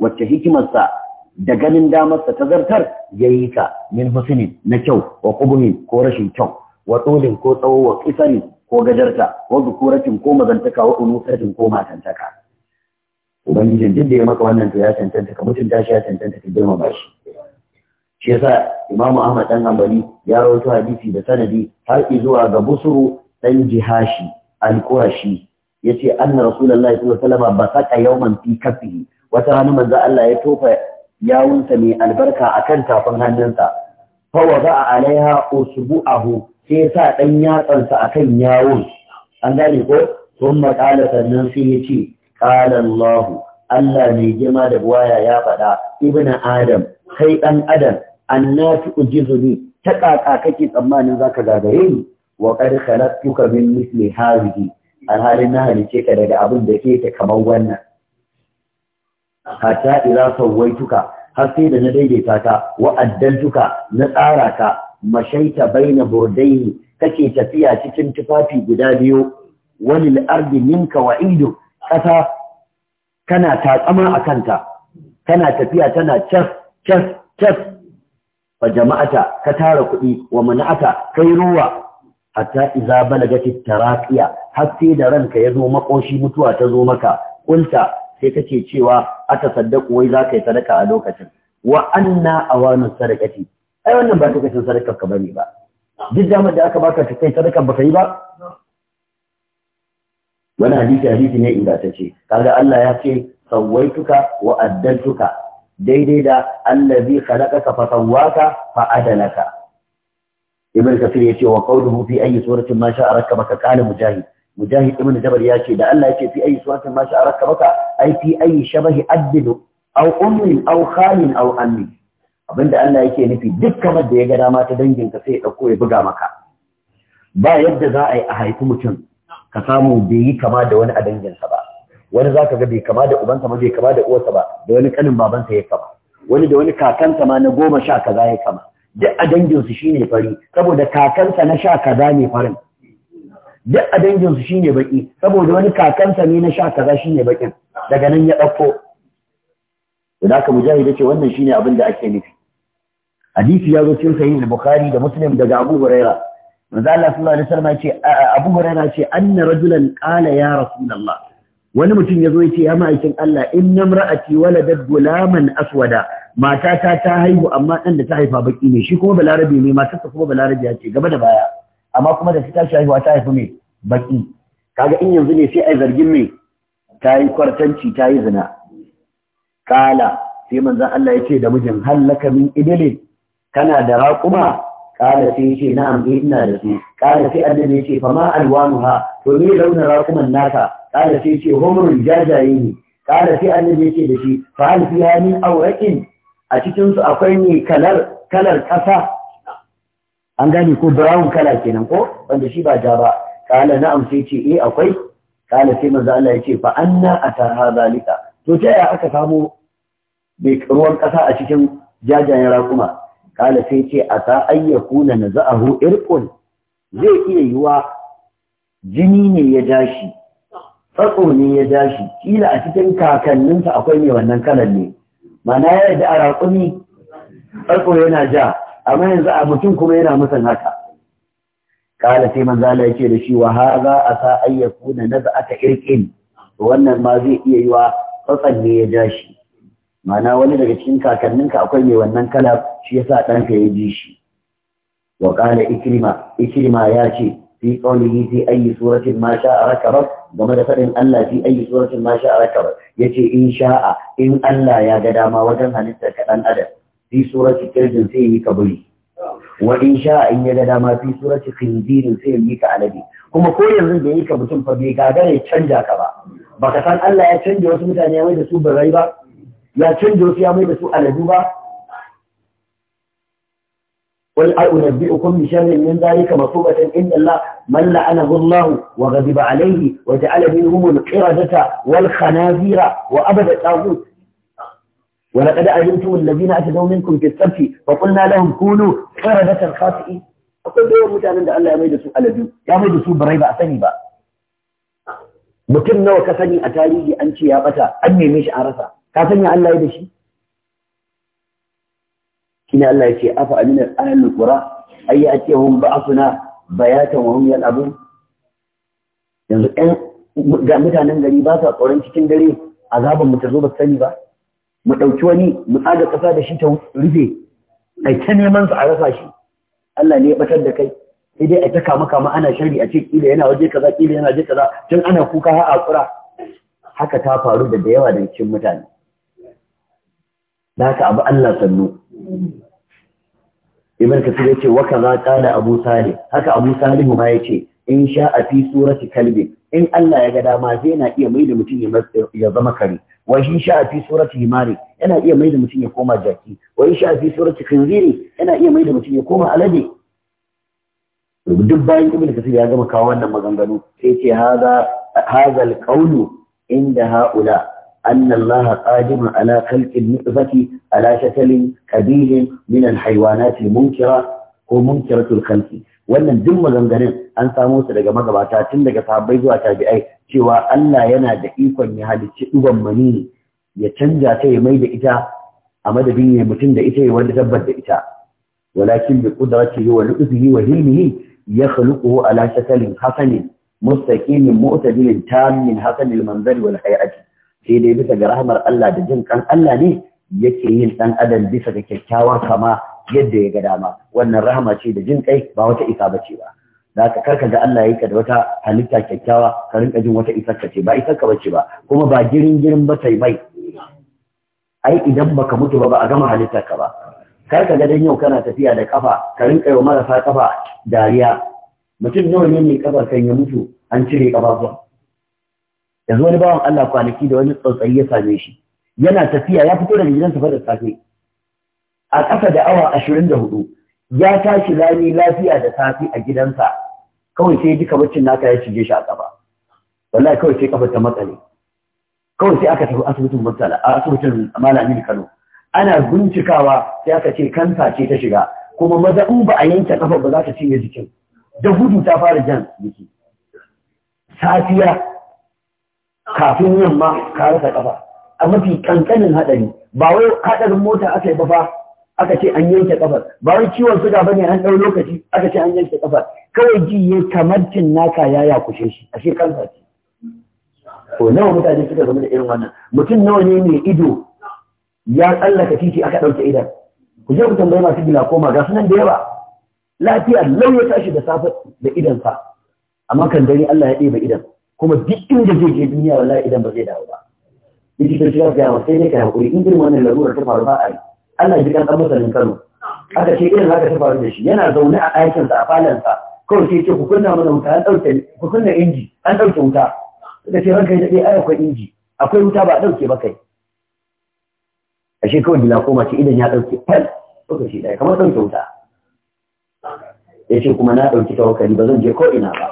wacce hikimarsa da ganin damarsa ta zartar ya yi ta min husnin na kyau wa kubuhin ko rashin kyau wa tsolin ko tsawo wa kisari ko gajarta wa zukuratin ko mazantaka wa unusatin ko matantaka ubangijin duk da ya maka wannan ya cancanta ka mutunta shi ya cancanta ka girmama shi shi yasa imamu ahmad dan hanbali ya rawaito hadisi da sanadi har zuwa ga busuru dan jihashi al-qurashi yace anna rasulullahi sallallahu alaihi wasallam basaka yawman fi kafihi wata rana manzo Allah ya tofa yawunsa mai albarka akan tafin hannunsa fa a alaiha usbu'ahu sai sa dan yatsansa akan yawun an gane ko thumma qala sannan sai ya ce qala Allah Allah mai girma da buwaya ya faɗa ibnu adam kai dan adam annatu ujizuni ta ƙaƙa kake tsammanin za ka gagare ni wa ƙar khalaqtuka min misli hadhihi alhalin na halice ka daga abin da ke ta kamar wannan Hata ila sawaituka har sai da na daidaita ka addantuka na tsara ka mashaita baina burdaini kake tafiya cikin tufafi guda biyu walil ardi minka wa'idu kasa kana tatsama a kanta kana tafiya tana cas cas cas wa jama'ata ka tara kuɗi wa mana'ata kai ruwa hatta iza balagati taraqiya har sai da ranka ya zo makoshi mutuwa ta zo maka kunta sai kake cewa aka saddaku wai za ka yi sadaka a lokacin wa anna awanu sadakati ai wannan ba lokacin sadakar ka bane ba duk damar da aka baka ta kai sadakar baka yi ba wani hadisi hadisi ne ce kaga Allah ya ce sawaituka wa addaltuka daidai da allazi khalaqaka fa sawwaka fa adalaka ibn kafir yace wa qawluhu fi yi suratin ma sha'a baka kana mujahid mujahid ibn jabal ya ce da Allah ya ce fi ayi suratin ma sha'araka baka ai fi ayi shabahi addin aw ummin aw khalin aw ammi abinda Allah yake nufi duk kamar da ya ga dama ta dangin ka sai ya dauko ya buga maka ba yadda za a yi a haifi mutum ka samu bai yi kama da wani a danginsa ba wani za ga bai kama da ubansa ma bai kama da uwarsa ba da wani kanin babansa ya kama wani da wani kakansa ma na goma sha kaza ya kama duk a danginsu shine fari saboda kakansa na sha kaza ne farin duk a danginsu shi ne baƙi saboda wani kakansa ne na sha kaza shi ne baƙin daga nan ya ɗauko idan aka mujahid ce wannan shi ne abin da ake nufi hadisi ya zo cikin sahih bukhari da muslim daga abu huraira manzo Allah sallallahu alaihi wasallam ce abu huraira ce anna rajulan qala ya rasulullah wani mutum ya zo ya ce ya ma'aikin Allah inna imra'ati waladat gulaman aswada matata ta haihu amma ɗan da ta haifa baki ne shi kuma Balarabi ne matarsa kuma balarabi ya ce gaba da baya amma kuma da ta haihuwa ta haifi mai baki kaga in yanzu ne sai a zargin mai ta yi kwartanci ta yi zina kala sai manzan Allah ya ce da mijin hallaka min idile kana da raƙuma kala sai ya ce na'am eh ina da su kala sai annabi ya ce fa ma alwanuha to me launin raƙuman naka kala sai ya ce humrun jajaye ne kala sai annabi ya ce da shi fa hal fiha min awraqin a cikin su akwai ne kalar kalar kasa an gane ko brown kala kenan ko wanda shi ba ja ba kala na'am sai ce eh akwai kala sai manzo Allah ya ce fa anna ataha zalika to ta ya aka samu bai ruwan kasa a cikin jajayen raƙuma kala sai ce a ata ayyakuna naza'ahu irqun zai iya yiwa jini ne ya dashi tsatso ne ya dashi kila a cikin kakanninsa akwai ne wannan kalan ne mana ya da a raƙumi tsatso yana ja amma yanzu a mutum kuma yana musan haka kala sai manzo Allah yake da shi wa hadha asa naza aka irkin wannan ma zai iya yiwa tsatsan ne ya ja shi mana wani daga cikin kakanninka akwai mai wannan kala shi yasa ɗanka ya ji shi wa kala Ikirima ikrima ya ce fi qawlihi fi ayi suratin ma sha'a rakab game da faɗin Allah fi ayi suratin ma sha'a Ya yace in sha'a in Allah ya ga dama wajen halitta ka dan adam fi suratul kirjin sai yi ka buri wa in sha in yaga dama fi suratul khinzirin sai yi ka alabi kuma ko yanzu da yi ka mutum fa bai gagara ya canja ka ba baka san Allah ya canja wasu mutane ya mai da su barai ba ya canja wasu ya mai da su aladu ba wal a unabbiukum bi sharrin min dhalika masubatan inna Allah man la'anahu Allah wa ghadiba alayhi wa ja'ala minhum al-qiradata wal khanazira wa abada taghut ولقد علمتم الذين أتدوا منكم في السبت وقلنا لهم كونوا قردة خاطئين akwai da yawan mutanen da Allah ya maida su aladu ya maida su barai ba a sani ba mutum nawa ka sani a tarihi an ce ya bata an neme shi an rasa ka sanya Allah ya da shi Kina Allah ya ce afa amina ahlul qura ay yatihum ba'athuna bayatan wa hum yal'abun yanzu ga mutanen gari ba sa tsoron cikin dare azaban mu ta zo ba sani ba mu ɗauki wani mu tsaga ƙasa da shi ta rufe a ta neman sa a rasa shi Allah ne ya batar da kai sai dai a ta kama kama ana shari a ce ƙila yana waje kaza ƙila yana waje kaza tun ana kuka har a kura haka ta faru da da yawa da cikin mutane haka abu Allah sannu ibn kasir yace wa kaza kana abu salih haka abu salih ma ce in a fi surati kalbi in Allah ya ga dama zai na iya mai da mutum ya zama kare Wai shi sha fi surati himari yana iya mai da mutum ya koma jaki Wai shi sha fi surati khinziri yana iya mai da mutum ya koma alade duk bayan ibnu kasir ya gama kawo wannan maganganu sai ce haza haza alqawlu inda haula أن الله قادر على خلق النطفة على شكل قبيح من الحيوانات المنكرة ومنكرة الخلق wannan duk maganganun an samo su daga magabata tun daga sahabbai zuwa tabi'ai cewa Allah yana da ikon ya halicci duban mani ya canja ta ya mai da ita a madadin ya mutum da ita ya wanda tabbar da ita walakin bi qudratihi wa lutfihi wa hilmihi yakhluquhu ala shakalin hasanin mustaqimin mu'tadilin tammin hasanil manzari wal hay'ati sai dai bisa ga rahmar Allah da jin kan Allah ne yake yin dan adam bisa ga kyakkyawar kama yadda ya ga dama wannan rahama ce da jin kai ba wata isa bace ba da ka karka ga Allah ya yi ka da wata halitta kyakkyawa ka rinka jin wata isarka ce ba isarka bace ba kuma ba girin girin ba sai mai ai idan baka mutu ba ba a gama halitta ka ba kar ka ga dan yau kana tafiya da kafa ka rinka yau marasa kafa dariya mutum nawa ne mai kafar kan ya mutu an cire kafafuwan yanzu wani bawan Allah kwanaki da wani tsotsayi ya same shi yana tafiya ya fito daga gidansa fa da safe a ƙasa da awa ashirin da hudu ya tashi lami lafiya da safi a gidansa kawai sai duka baccin naka ya shige shi a ƙafa wallahi kawai sai ƙafa ta matsale kawai sai aka tafi asibitin murtala a asibitin malamin kano ana bincikawa sai aka ce kansa ce ta shiga kuma maza in ba a yanke ƙafa ba za ta cinye jikin da gudu ta fara jan jiki safiya kafin yamma ka rasa ƙafa a mafi ƙanƙanin haɗari ba wai haɗarin mota aka yi ba fa aka ce an yanke kafar ba wai ciwon suga bane an dau lokaci aka ce an yanke kafar kawai ji ya kamar naka ya ya kushe shi ashe kansa ce ko nawa mutane suka zama da irin wannan mutum nawa ne mai ido ya tsallaka titi aka dauke idan ku je ku tambayi masu gila koma ga sunan da yawa lafiya lau ya tashi da safe da idan sa amma kan dare Allah ya ɗeba idan kuma duk inda zai je duniya wallahi idan ba zai dawo ba likitoci ya ga sai dai ka hakuri in irin wannan larura ta faru ba a yi Allah ji kan ɗan masanin Kano aka ce irin haka ta faru da shi yana zaune a ɗakin sa a falon sa kawai sai ce ku kunna mana wuta an ɗauke ku kunna inji an ɗauke wuta da ce ranka daɗe ai akwai inji akwai wuta ba ɗauke ba kai shi kawai bila koma ce idan ya ɗauke fal kuka shi ɗaya kamar ɗauke wuta Ya ce kuma na ta tawakkali ba zan je ko ina ba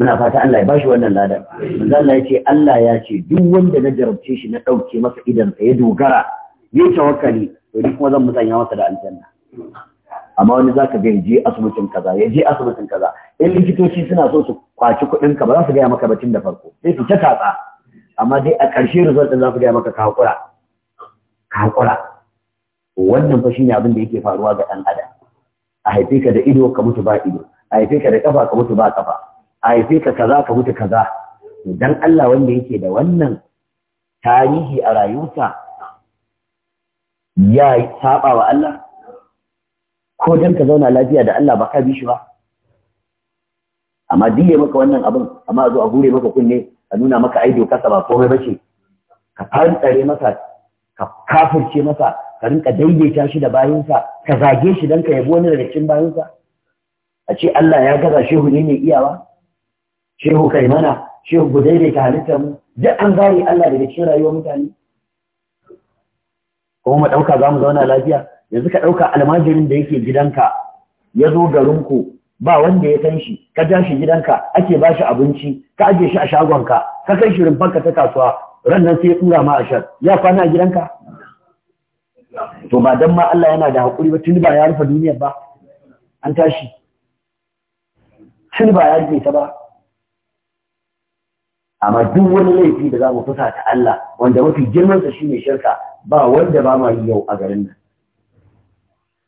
muna fata Allah ya bashi wannan ladan. Zan Allah ya ce Allah ya ce duk wanda na jarabce shi na ɗauke masa idan ka ya dogara yi tawakkali to ni kuma zan musanya masa da aljanna amma wani zaka ga je asibitin kaza ya je asibitin kaza in likitoci suna so su kwaci kuɗin ka ba za su gaya maka batun da farko sai su ta tatsa amma dai a ƙarshe result din za su gaya maka ka hakura ka hakura wannan fa shine abin da yake faruwa ga ɗan adam a haife ka da ido ka mutu ba ido a haife ka da kafa ka mutu ba kafa a haife ka kaza ka mutu kaza dan Allah wanda yake da wannan tarihi a rayuwarsa ya saba wa Allah ko dan ka zauna lafiya da Allah ba ka bi shi ba amma duk maka wannan abin amma zo a hure maka kunne a nuna maka aido kasa ba komai bace ka fantsare masa ka kafirce masa ka rinka daidaita shi da bayansa ka zage shi dan ka yabo wani daga cikin bayansa a ce Allah ya gaza shehu ne mai iyawa shehu kai mana shehu ku daidaita halittar mu duk an yi Allah da cikin rayuwar mutane ko mu ɗauka za mu zauna lafiya yanzu ka ɗauka almajirin da yake gidanka ya zo garin ku. ba wanda ya san shi ka ja shi gidanka ake ba shi abinci ka aje shi a shagonka ka kai shi rumfanka ta kasuwa ran nan sai ya tura ma a shar ya kwana a gidanka to ba dan ma Allah yana da hakuri ba tun ba ya rufe duniyar ba an tashi tun ba ya rufe ta ba amma duk wani laifi da za mu fusa ta Allah wanda mafi girmansa shi ne shirka ba wanda ba ma yi yau a garin nan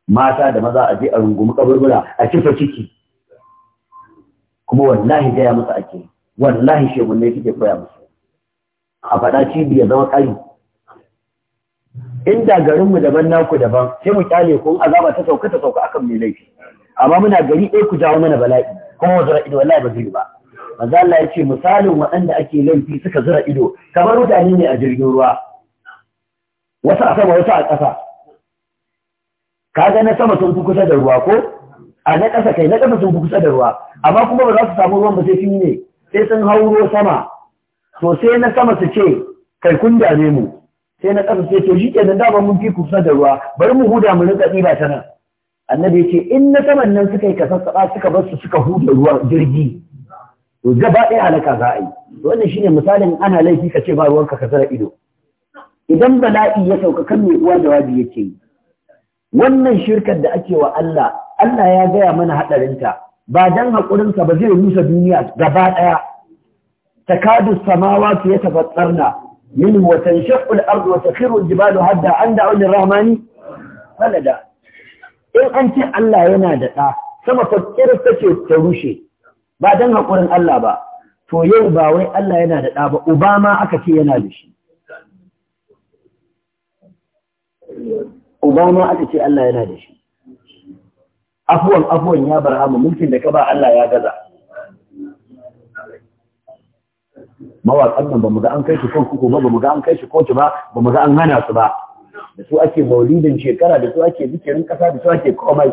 mata da maza a je a rungumi kaburbura a cifa ciki kuma wallahi gaya musu ake wallahi ne kike koya musu a faɗa cibi ya zama ƙari inda garinmu daban naku daban sai mu kyale kun azaba ta sauka ta sauka akan mai laifi amma muna gari ɗaya ku jawo mana bala'i kuma wanzu ra'ido wallahi ba zai ba manzo Allah ya ce misalin waɗanda ake laifi suka zura ido kamar mutane ne a jirgin ruwa wasu a sama wasu a ƙasa kaga na sama sun fi kusa da ruwa ko a na ƙasa kai na ƙasa sun fi kusa da ruwa amma kuma ba za su samu ruwan ba sai sun ne sai sun hauro sama to sai na sama su ce kai kun dame mu sai na ƙasa sai to shi ke nan dama mun fi kusa da ruwa bari mu huda mu rinka ɗiba ta nan annabi ya ce in na saman nan suka yi kasassaɓa suka bar su suka huda ruwa jirgi to gaba ɗaya halaka za a yi wannan shine misalin ana laifi ka ce ba ruwanka ka zara ido idan bala'i ya sauka kan mai uwa jawabi yake yi wannan shirkar da ake wa Allah Allah ya gaya mana ta, ba dan haƙurinsa ba zai rusa duniya gaba ɗaya takadu samawati ya tafattarna min wa tanshaqqu al-ardu wa takhiru al-jibalu hadda an da'u lir falada in an ce Allah yana da ɗa sama fakkir take ta rushe ba don haƙurin Allah ba to yau ba wai Allah yana da ɗa ba uba ma aka ce yana da shi uba ma aka ce Allah yana da shi afuwan afuwan ya bar hamu mulkin da ka ba Allah ya gaza mawaƙan nan ba mu ga an kai shi kan kuku ba ba mu ga an kai shi kotu ba ba mu ga an hana su ba da su ake maulidin shekara da su ake bikin ƙasa da su ake komai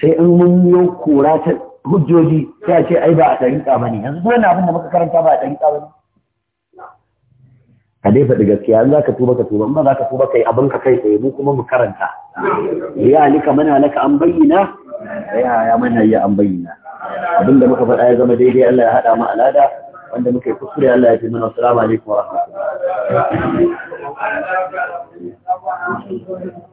sai in mun yi kura ta hujjoji sai a ce ai ba a ɗariƙa ba ne yanzu duk abin da muka karanta ba a ɗariƙa ba ne ka dai faɗi gaskiya in za ka tuba ka tuba in ba za ka tuba ka yi abin ka kai tsaye mu kuma mu karanta ya alika mana laka an bayyana ya ya mana ya an bayyana abin da muka faɗa ya zama daidai Allah ya haɗa mu alada wanda muka yi kuskure Allah ya fi mana assalamu alaikum wa rahmatullahi